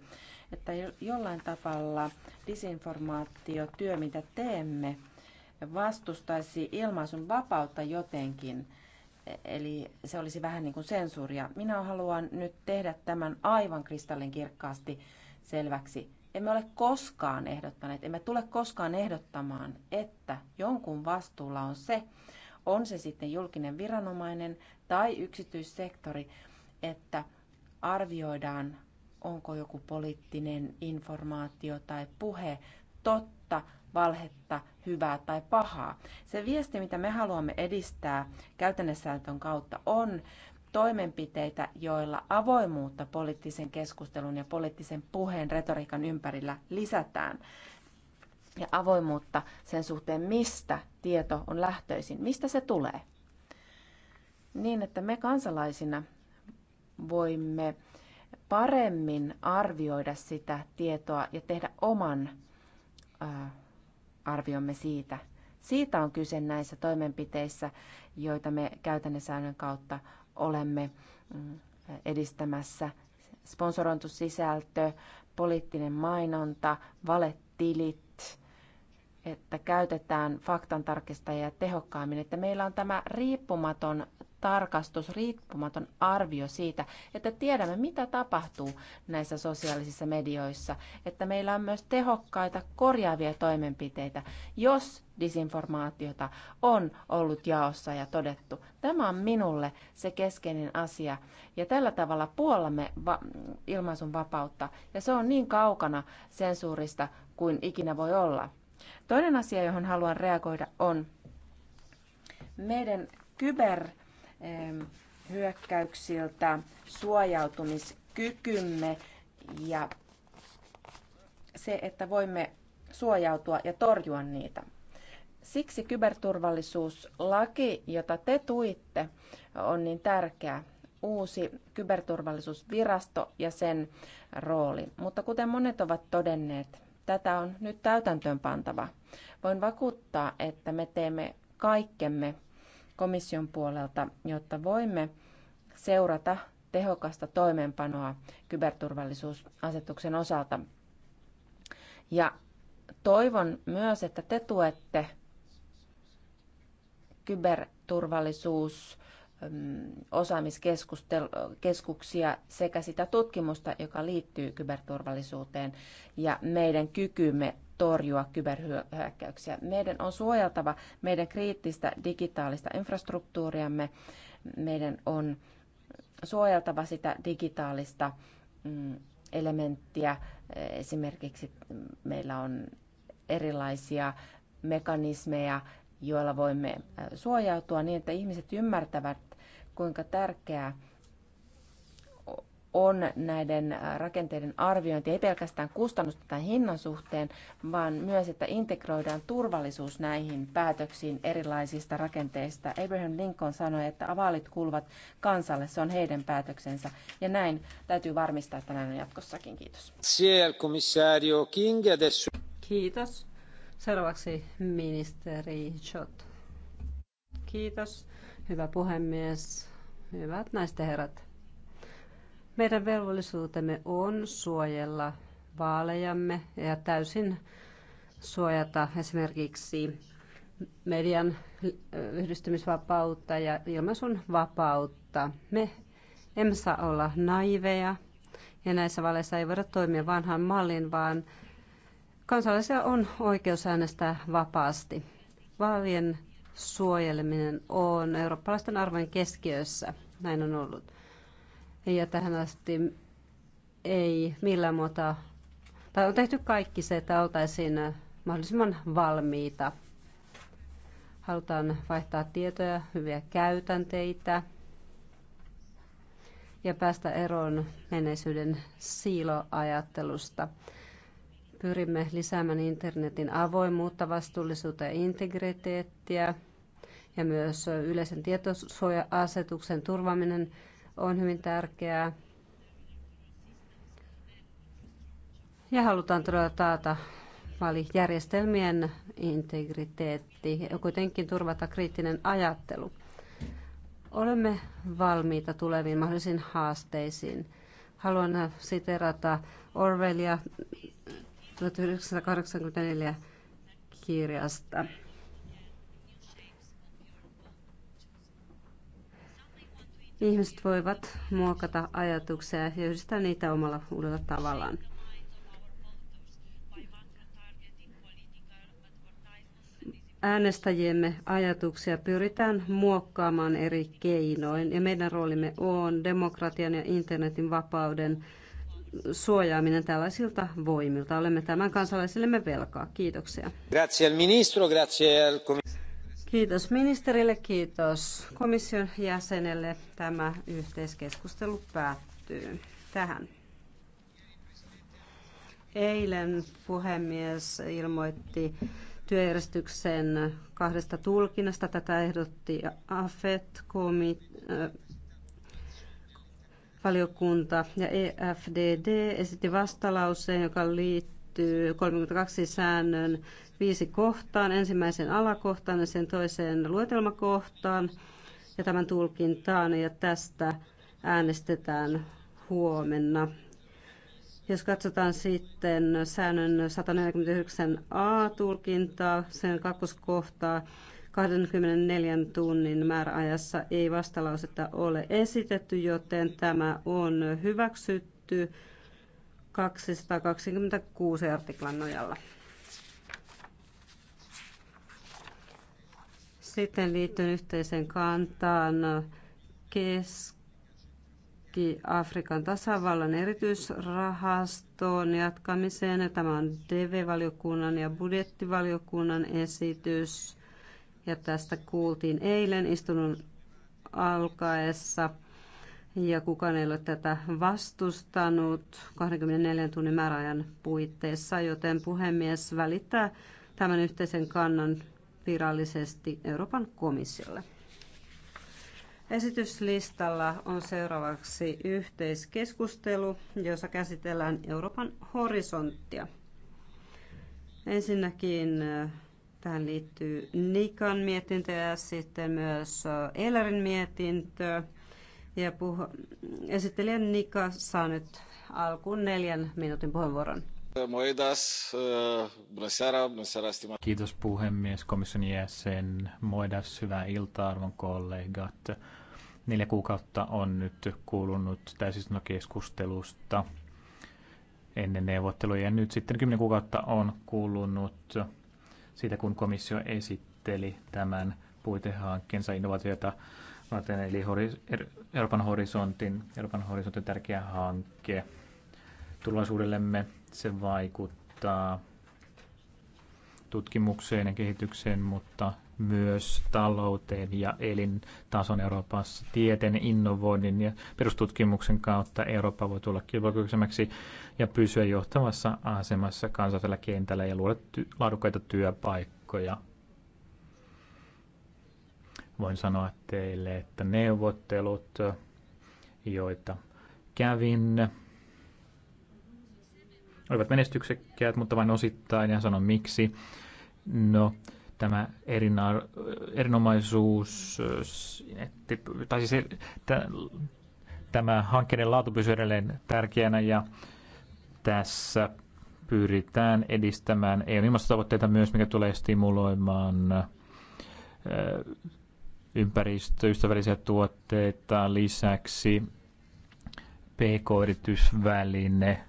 että jollain tavalla disinformaatiotyö, mitä teemme, vastustaisi ilmaisun vapautta jotenkin. Eli se olisi vähän niin kuin sensuuria. Minä haluan nyt tehdä tämän aivan kristallinkirkkaasti selväksi. Emme ole koskaan ehdottaneet, emme tule koskaan ehdottamaan, että jonkun vastuulla on se, on se sitten julkinen viranomainen tai yksityissektori, että arvioidaan, onko joku poliittinen informaatio tai puhe totta – valhetta, hyvää tai pahaa. Se viesti, mitä me haluamme edistää käytännössääntön kautta, on toimenpiteitä, joilla avoimuutta poliittisen keskustelun ja poliittisen puheen retoriikan ympärillä lisätään ja avoimuutta sen suhteen, mistä tieto on lähtöisin, mistä se tulee. Niin, että me kansalaisina voimme paremmin arvioida sitä tietoa ja tehdä oman arviomme siitä. Siitä on kyse näissä toimenpiteissä, joita me käytännössäännön kautta olemme mm, edistämässä. sponsorointusisältö, sisältö, poliittinen mainonta, valetilit, että käytetään faktantarkistajia tehokkaammin, että meillä on tämä riippumaton tarkastus, riippumaton arvio siitä, että tiedämme, mitä tapahtuu näissä sosiaalisissa medioissa, että meillä on myös tehokkaita korjaavia toimenpiteitä, jos disinformaatiota on ollut jaossa ja todettu. Tämä on minulle se keskeinen asia ja tällä tavalla puolamme va- ilmaisun vapautta ja se on niin kaukana sensuurista kuin ikinä voi olla. Toinen asia, johon haluan reagoida, on meidän kyberhyökkäyksiltä suojautumiskykymme ja se, että voimme suojautua ja torjua niitä. Siksi kyberturvallisuuslaki, jota te tuitte, on niin tärkeä uusi kyberturvallisuusvirasto ja sen rooli. Mutta kuten monet ovat todenneet, Tätä on nyt täytäntöön pantava. Voin vakuuttaa, että me teemme kaikkemme komission puolelta, jotta voimme seurata tehokasta toimeenpanoa kyberturvallisuusasetuksen osalta. Ja toivon myös, että te tuette kyberturvallisuus Ähm, osaamiskeskuksia sekä sitä tutkimusta, joka liittyy kyberturvallisuuteen ja meidän kykymme torjua kyberhyökkäyksiä. Meidän on suojeltava meidän kriittistä digitaalista infrastruktuuriamme, meidän on suojeltava sitä digitaalista mm, elementtiä. Esimerkiksi meillä on erilaisia mekanismeja, joilla voimme suojautua niin, että ihmiset ymmärtävät, kuinka tärkeää on näiden rakenteiden arviointi, ei pelkästään kustannusten tai hinnan suhteen, vaan myös, että integroidaan turvallisuus näihin päätöksiin erilaisista rakenteista. Abraham Lincoln sanoi, että avaalit kuuluvat kansalle, se on heidän päätöksensä, ja näin täytyy varmistaa, että näin on jatkossakin. Kiitos. Kiitos. Seuraavaksi ministeri Schott. Kiitos. Hyvä puhemies, hyvät naisten herrat. Meidän velvollisuutemme on suojella vaalejamme ja täysin suojata esimerkiksi median yhdistymisvapautta ja ilmaisun vapautta. Me emme saa olla naiveja ja näissä vaaleissa ei voida toimia vanhan mallin, vaan kansalaisilla on oikeus äänestää vapaasti. Vaalien suojeleminen on eurooppalaisten arvojen keskiössä. Näin on ollut. Ja tähän asti ei millään muuta, tai on tehty kaikki se, että oltaisiin mahdollisimman valmiita. Halutaan vaihtaa tietoja, hyviä käytänteitä ja päästä eroon menneisyyden siiloajattelusta. Pyrimme lisäämään internetin avoimuutta, vastuullisuutta ja integriteettiä ja myös yleisen tietosuoja-asetuksen turvaaminen on hyvin tärkeää. Ja halutaan todella taata vaalijärjestelmien integriteetti ja kuitenkin turvata kriittinen ajattelu. Olemme valmiita tuleviin mahdollisiin haasteisiin. Haluan siterata Orwellia 1984 kirjasta. Ihmiset voivat muokata ajatuksia ja yhdistää niitä omalla uudella tavallaan. Äänestäjiemme ajatuksia pyritään muokkaamaan eri keinoin ja meidän roolimme on demokratian ja internetin vapauden suojaaminen tällaisilta voimilta. Olemme tämän kansalaisillemme velkaa. Kiitoksia. Grazie al ministro, grazie al Kiitos ministerille, kiitos komission jäsenelle. Tämä yhteiskeskustelu päättyy tähän. Eilen puhemies ilmoitti työjärjestyksen kahdesta tulkinnasta. Tätä ehdotti afet äh, valiokunta ja EFDD esitti vastalauseen, joka liittyy 32 säännön viisi kohtaan, ensimmäisen alakohtaan ja sen toiseen luetelmakohtaan ja tämän tulkintaan ja tästä äänestetään huomenna. Jos katsotaan sitten säännön 149a-tulkintaa, sen kakkoskohtaa, 24 tunnin määräajassa ei vastalausetta ole esitetty, joten tämä on hyväksytty 226 artiklan nojalla. Sitten liittyen yhteiseen kantaan Keski-Afrikan tasavallan erityisrahastoon jatkamiseen. Tämä on DV-valiokunnan ja budjettivaliokunnan esitys. Ja tästä kuultiin eilen istunnon alkaessa. Ja kukaan ei ole tätä vastustanut 24 tunnin määräajan puitteissa, joten puhemies välittää tämän yhteisen kannan virallisesti Euroopan komissiolle. Esityslistalla on seuraavaksi yhteiskeskustelu, jossa käsitellään Euroopan horisonttia. Ensinnäkin äh, tähän liittyy Nikan mietintö ja sitten myös äh, Ellerin mietintö. Ja puh- esittelijä Nika saa nyt alkuun neljän minuutin puheenvuoron. Eh, Kiitos puhemies, komission jäsen Moedas, hyvää iltaa arvon kollegat. Neljä kuukautta on nyt kulunut täysistuntokeskustelusta ennen neuvotteluja ja nyt sitten kymmenen kuukautta on kulunut siitä, kun komissio esitteli tämän puitehankkeensa innovaatioita varten, eli er- Euroopan horisontin, Euroopan horisontin tärkeä hanke tulevaisuudellemme se vaikuttaa tutkimukseen ja kehitykseen, mutta myös talouteen ja elintason Euroopassa tieteen, innovoinnin ja perustutkimuksen kautta Eurooppa voi tulla kilpailukykyisemmäksi ja pysyä johtavassa asemassa kansainvälisellä kentällä ja luoda ty- laadukkaita työpaikkoja. Voin sanoa teille, että neuvottelut, joita kävin olivat menestyksekkäät, mutta vain osittain, ja sanon miksi. No, tämä erina, erinomaisuus, tai siis tämä hankkeiden laatu pysyy edelleen tärkeänä, ja tässä pyritään edistämään eu ilmastotavoitteita myös, mikä tulee stimuloimaan ympäristöystävällisiä tuotteita lisäksi PK-yritysväline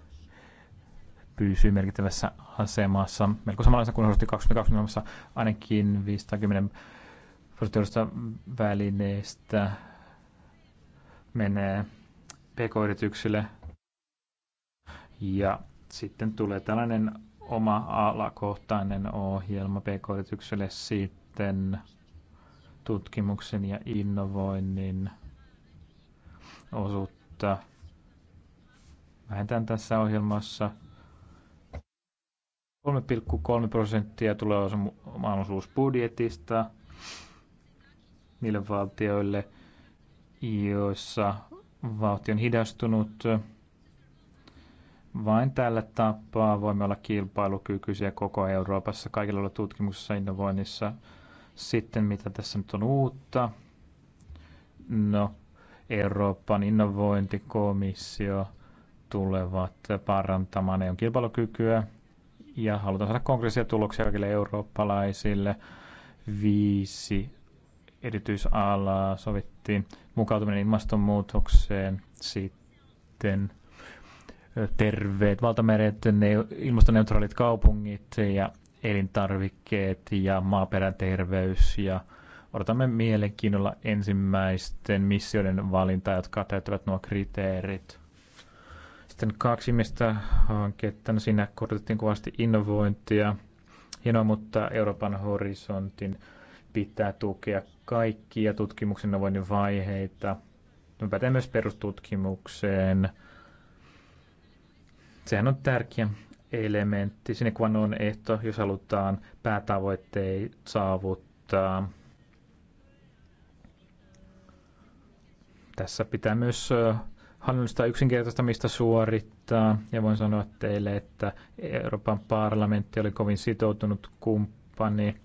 pysyy merkittävässä asemassa, melko samanlaisena kuin osoitti 2020 ainakin 510 prosenttia välineistä menee pk-yrityksille. Ja sitten tulee tällainen oma alakohtainen ohjelma pk-yritykselle sitten tutkimuksen ja innovoinnin osuutta vähentään tässä ohjelmassa 3,3 prosenttia tulee osumaan budjetista niille valtioille, joissa vauhti on hidastunut. Vain tällä tapaa voimme olla kilpailukykyisiä koko Euroopassa, kaikilla tutkimuksessa ja innovoinnissa. Sitten mitä tässä nyt on uutta? No, Euroopan innovointikomissio tulevat parantamaan eu kilpailukykyä – ja halutaan saada konkreettisia tuloksia kaikille eurooppalaisille. Viisi erityisalaa sovittiin mukautuminen ilmastonmuutokseen, sitten terveet valtameret, ilmastoneutraalit kaupungit ja elintarvikkeet ja maaperän terveys ja odotamme mielenkiinnolla ensimmäisten missioiden valintaa, jotka täyttävät nuo kriteerit. Sitten kaksi mistä hanketta, no siinä korotettiin kovasti innovointia. Hienoa, mutta Euroopan horisontin pitää tukea kaikkia tutkimuksen innovoinnin vaiheita. Tämä pätee myös perustutkimukseen. Sehän on tärkeä elementti, sinne kuvan on ehto, jos halutaan päätavoitteet saavuttaa. Tässä pitää myös hallinnollista yksinkertaistamista suorittaa. Ja voin sanoa teille, että Euroopan parlamentti oli kovin sitoutunut kumppani.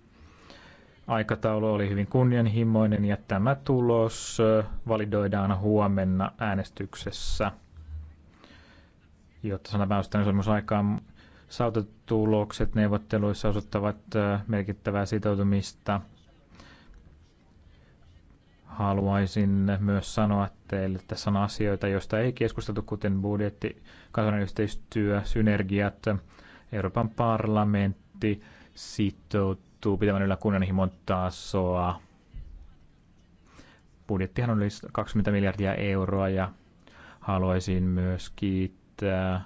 Aikataulu oli hyvin kunnianhimoinen ja tämä tulos validoidaan huomenna äänestyksessä, jotta on sopimus aikaan. Sautotulokset neuvotteluissa osoittavat merkittävää sitoutumista – haluaisin myös sanoa teille, että tässä on asioita, joista ei keskusteltu, kuten budjetti, kansainvälinen yhteistyö, synergiat, Euroopan parlamentti sitoutuu pitämään yllä kunnianhimon tasoa. Budjettihan on 20 miljardia euroa ja haluaisin myös kiittää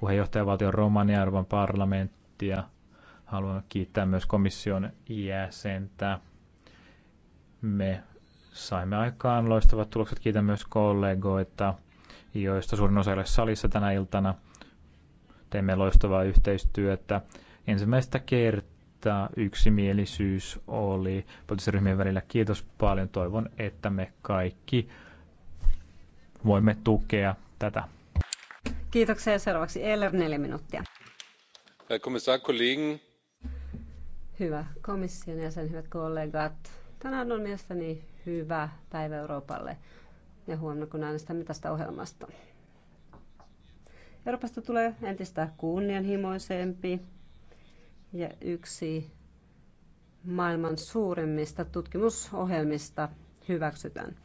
puheenjohtajavaltion Romania Euroopan parlamenttia. Haluan kiittää myös komission jäsentä me saimme aikaan loistavat tulokset. Kiitän myös kollegoita, joista suurin osa ei ole salissa tänä iltana. Teemme loistavaa yhteistyötä. Ensimmäistä kertaa yksimielisyys oli potisryhmien välillä. Kiitos paljon. Toivon, että me kaikki voimme tukea tätä. Kiitoksia. Seuraavaksi Eller, neljä minuuttia. Herr Kommissar, Kollegen. Hyvä komission jäsen, hyvät kollegat Tänään on mielestäni hyvä päivä Euroopalle ja huomenna kun äänestämme tästä ohjelmasta. Euroopasta tulee entistä kunnianhimoisempi ja yksi maailman suurimmista tutkimusohjelmista hyväksytään.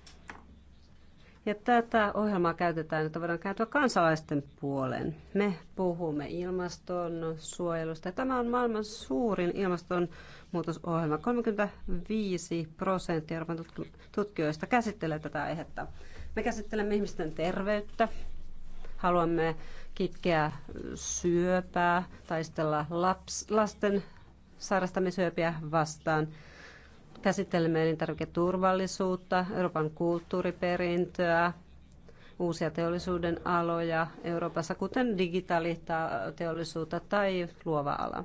Ja tätä ohjelmaa käytetään, että voidaan kääntyä kansalaisten puoleen. Me puhumme ilmaston suojelusta. Tämä on maailman suurin ilmastonmuutosohjelma. 35 prosenttia Euroopan tutkijoista käsittelee tätä aihetta. Me käsittelemme ihmisten terveyttä. Haluamme kitkeä syöpää, taistella laps, lasten sairastamisyöpiä vastaan – Käsittelemme elintarviketurvallisuutta, Euroopan kulttuuriperintöä, uusia teollisuuden aloja Euroopassa, kuten digitaaliteollisuutta tai luova ala.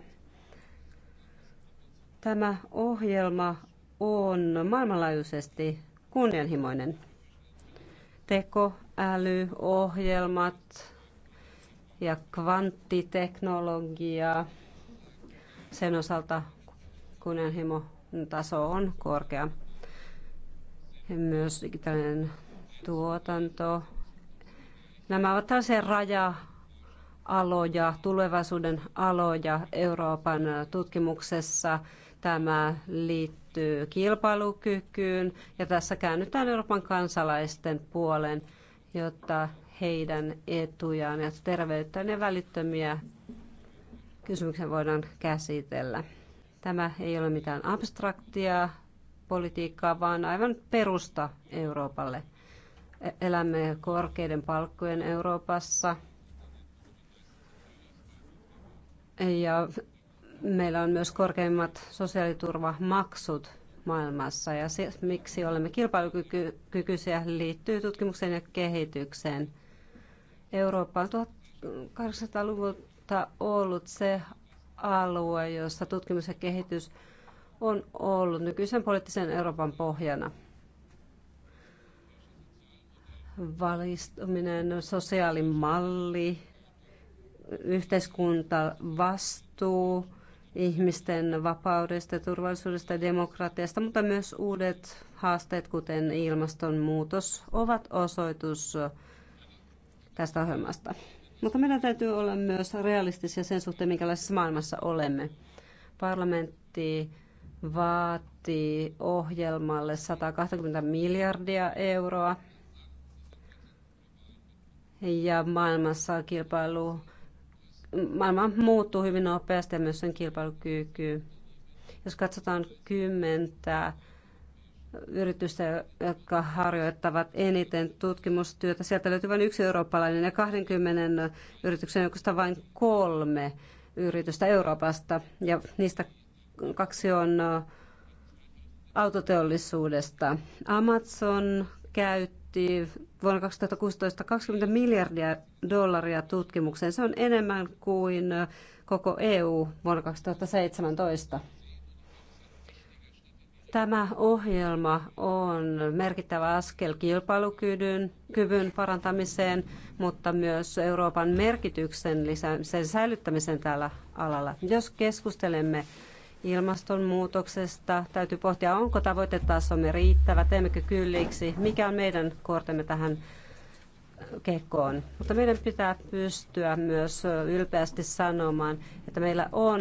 Tämä ohjelma on maailmanlaajuisesti kunnianhimoinen. Tekoälyohjelmat ja kvanttiteknologia, sen osalta kunnianhimo taso on korkea. Myös digitaalinen tuotanto. Nämä ovat tällaisia raja-aloja, tulevaisuuden aloja Euroopan tutkimuksessa. Tämä liittyy kilpailukykyyn ja tässä käännytään Euroopan kansalaisten puolen, jotta heidän etujaan ja terveyttään ja välittömiä kysymyksiä voidaan käsitellä. Tämä ei ole mitään abstraktia politiikkaa, vaan aivan perusta Euroopalle. E- elämme korkeiden palkkojen Euroopassa ja meillä on myös korkeimmat sosiaaliturvamaksut maailmassa ja se, miksi olemme kilpailukykyisiä, liittyy tutkimukseen ja kehitykseen. Eurooppa on 1800-luvulta ollut se alue, jossa tutkimus ja kehitys on ollut nykyisen poliittisen Euroopan pohjana. Valistuminen, sosiaalimalli, yhteiskunta, vastuu, ihmisten vapaudesta, turvallisuudesta ja demokratiasta, mutta myös uudet haasteet, kuten ilmastonmuutos, ovat osoitus tästä ohjelmasta. Mutta meidän täytyy olla myös realistisia sen suhteen, minkälaisessa maailmassa olemme. Parlamentti vaatii ohjelmalle 120 miljardia euroa. Ja maailmassa kilpailu, maailma muuttuu hyvin nopeasti ja myös sen kilpailukyky. Jos katsotaan kymmentä yritystä, jotka harjoittavat eniten tutkimustyötä. Sieltä löytyy vain yksi eurooppalainen ja 20 yrityksen joukosta vain kolme yritystä Euroopasta. Ja niistä kaksi on autoteollisuudesta. Amazon käytti vuonna 2016 20 miljardia dollaria tutkimukseen. Se on enemmän kuin koko EU vuonna 2017. Tämä ohjelma on merkittävä askel kilpailukyvyn parantamiseen, mutta myös Euroopan merkityksen lisäämisen säilyttämisen tällä alalla. Jos keskustelemme ilmastonmuutoksesta, täytyy pohtia, onko tavoitetasomme riittävä, teemmekö kylliksi, mikä on meidän kortemme tähän kekoon. Mutta meidän pitää pystyä myös ylpeästi sanomaan, että meillä on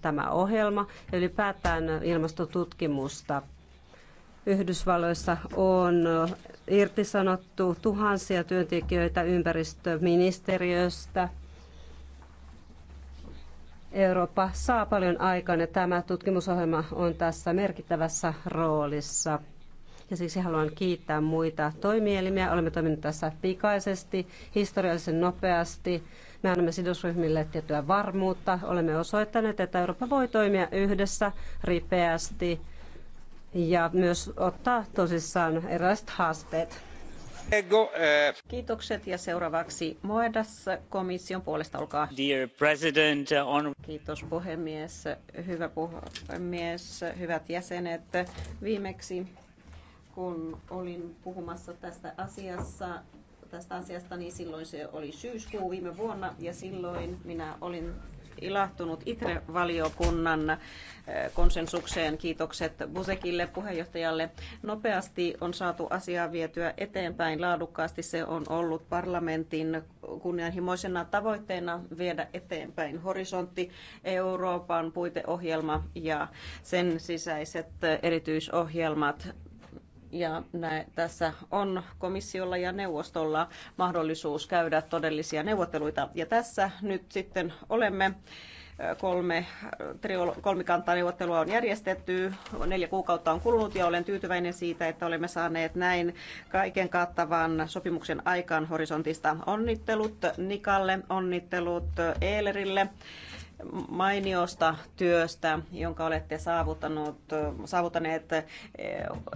tämä ohjelma ja ylipäätään ilmastotutkimusta. Yhdysvalloissa on irtisanottu tuhansia työntekijöitä ympäristöministeriöstä. Eurooppa saa paljon aikaa, ja tämä tutkimusohjelma on tässä merkittävässä roolissa ja siksi haluan kiittää muita toimielimiä. Olemme toimineet tässä pikaisesti, historiallisen nopeasti. Me annamme sidosryhmille tiettyä varmuutta. Olemme osoittaneet, että Eurooppa voi toimia yhdessä ripeästi ja myös ottaa tosissaan erilaiset haasteet. Eh, Kiitokset ja seuraavaksi Moedas komission puolesta olkaa. Dear President, eh, on... Kiitos puhemies, hyvä puhemies, hyvät jäsenet. Viimeksi kun olin puhumassa tästä asiassa, tästä asiasta, niin silloin se oli syyskuu viime vuonna ja silloin minä olin ilahtunut ITRE-valiokunnan eh, konsensukseen. Kiitokset Busekille puheenjohtajalle. Nopeasti on saatu asiaa vietyä eteenpäin laadukkaasti. Se on ollut parlamentin kunnianhimoisena tavoitteena viedä eteenpäin horisontti Euroopan puiteohjelma ja sen sisäiset erityisohjelmat. Ja nä- tässä on komissiolla ja neuvostolla mahdollisuus käydä todellisia neuvotteluita. Ja tässä nyt sitten olemme kolme kolmikantaa neuvottelua on järjestetty. Neljä kuukautta on kulunut ja olen tyytyväinen siitä, että olemme saaneet näin kaiken kattavan sopimuksen aikaan horisontista. Onnittelut Nikalle, onnittelut Eelerille mainiosta työstä, jonka olette saavuttanut, saavuttaneet eh,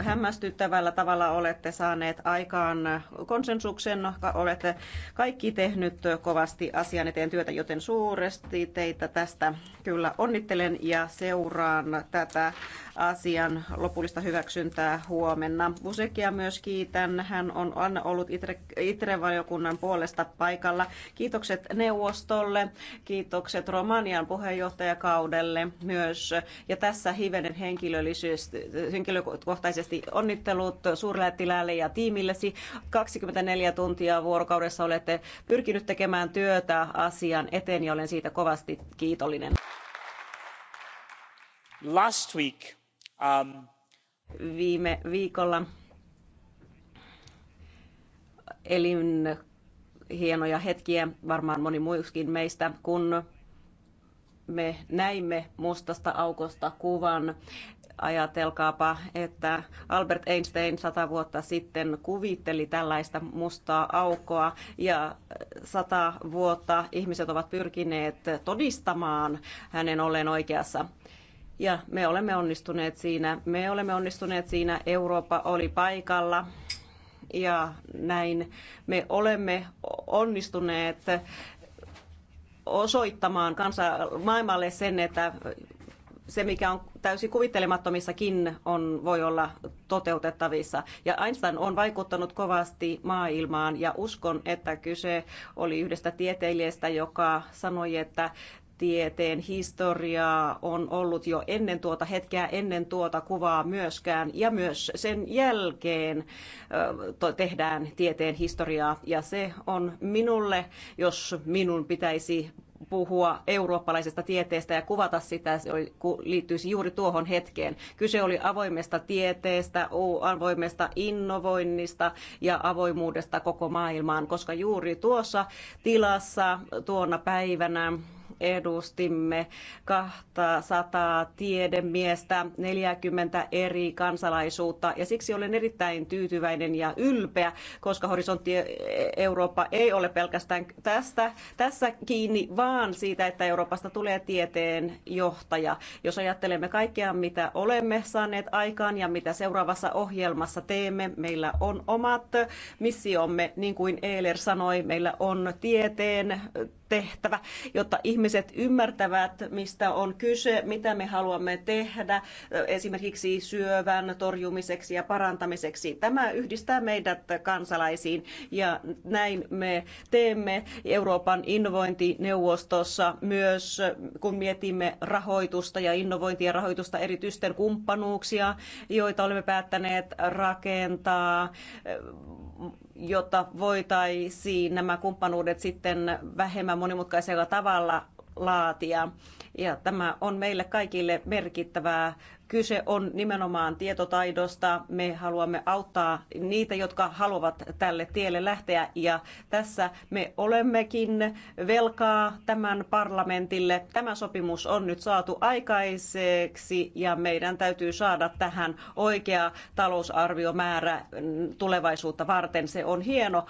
hämmästyttävällä tavalla. Olette saaneet aikaan konsensuksen, olette kaikki tehnyt kovasti asian eteen työtä, joten suuresti teitä tästä kyllä onnittelen ja seuraan tätä asian lopullista hyväksyntää huomenna. Vusekia myös kiitän. Hän on ollut ITRE-valiokunnan puolesta paikalla. Kiitokset neuvostolle, kiitokset Romanian puheenjohtajakaudelle myös. Ja tässä hivenen henkilökohtaisesti onnittelut suurlähettiläälle ja tiimillesi. 24 tuntia vuorokaudessa olette pyrkinyt tekemään työtä asian eteen ja olen siitä kovasti kiitollinen. Last week Um, viime viikolla. Elin hienoja hetkiä, varmaan moni muiskin meistä, kun me näimme mustasta aukosta kuvan. Ajatelkaapa, että Albert Einstein sata vuotta sitten kuvitteli tällaista mustaa aukoa ja sata vuotta ihmiset ovat pyrkineet todistamaan hänen ollen oikeassa ja me olemme onnistuneet siinä. Me olemme onnistuneet siinä, Eurooppa oli paikalla ja näin me olemme onnistuneet osoittamaan kansa, maailmalle sen, että se, mikä on täysin kuvittelemattomissakin, on, voi olla toteutettavissa. Ja Einstein on vaikuttanut kovasti maailmaan ja uskon, että kyse oli yhdestä tieteilijästä, joka sanoi, että tieteen historiaa on ollut jo ennen tuota hetkeä, ennen tuota kuvaa myöskään, ja myös sen jälkeen tehdään tieteen historiaa, ja se on minulle, jos minun pitäisi puhua eurooppalaisesta tieteestä ja kuvata sitä, se liittyisi juuri tuohon hetkeen. Kyse oli avoimesta tieteestä, avoimesta innovoinnista ja avoimuudesta koko maailmaan, koska juuri tuossa tilassa tuona päivänä edustimme 200 tiedemiestä, 40 eri kansalaisuutta ja siksi olen erittäin tyytyväinen ja ylpeä, koska Horisontti Eurooppa ei ole pelkästään tästä, tässä kiinni, vaan siitä, että Euroopasta tulee tieteen johtaja. Jos ajattelemme kaikkea, mitä olemme saaneet aikaan ja mitä seuraavassa ohjelmassa teemme, meillä on omat missiomme, niin kuin Eeler sanoi, meillä on tieteen tehtävä, jotta ihmiset ymmärtävät, mistä on kyse, mitä me haluamme tehdä esimerkiksi syövän torjumiseksi ja parantamiseksi. Tämä yhdistää meidät kansalaisiin ja näin me teemme Euroopan innovointineuvostossa myös, kun mietimme rahoitusta ja innovointia rahoitusta erityisten kumppanuuksia, joita olemme päättäneet rakentaa jotta voitaisiin nämä kumppanuudet sitten vähemmän monimutkaisella tavalla laatia. Ja tämä on meille kaikille merkittävää. Kyse on nimenomaan tietotaidosta. Me haluamme auttaa niitä, jotka haluavat tälle tielle lähteä. Ja tässä me olemmekin velkaa tämän parlamentille. Tämä sopimus on nyt saatu aikaiseksi ja meidän täytyy saada tähän oikea talousarviomäärä tulevaisuutta varten. Se on hieno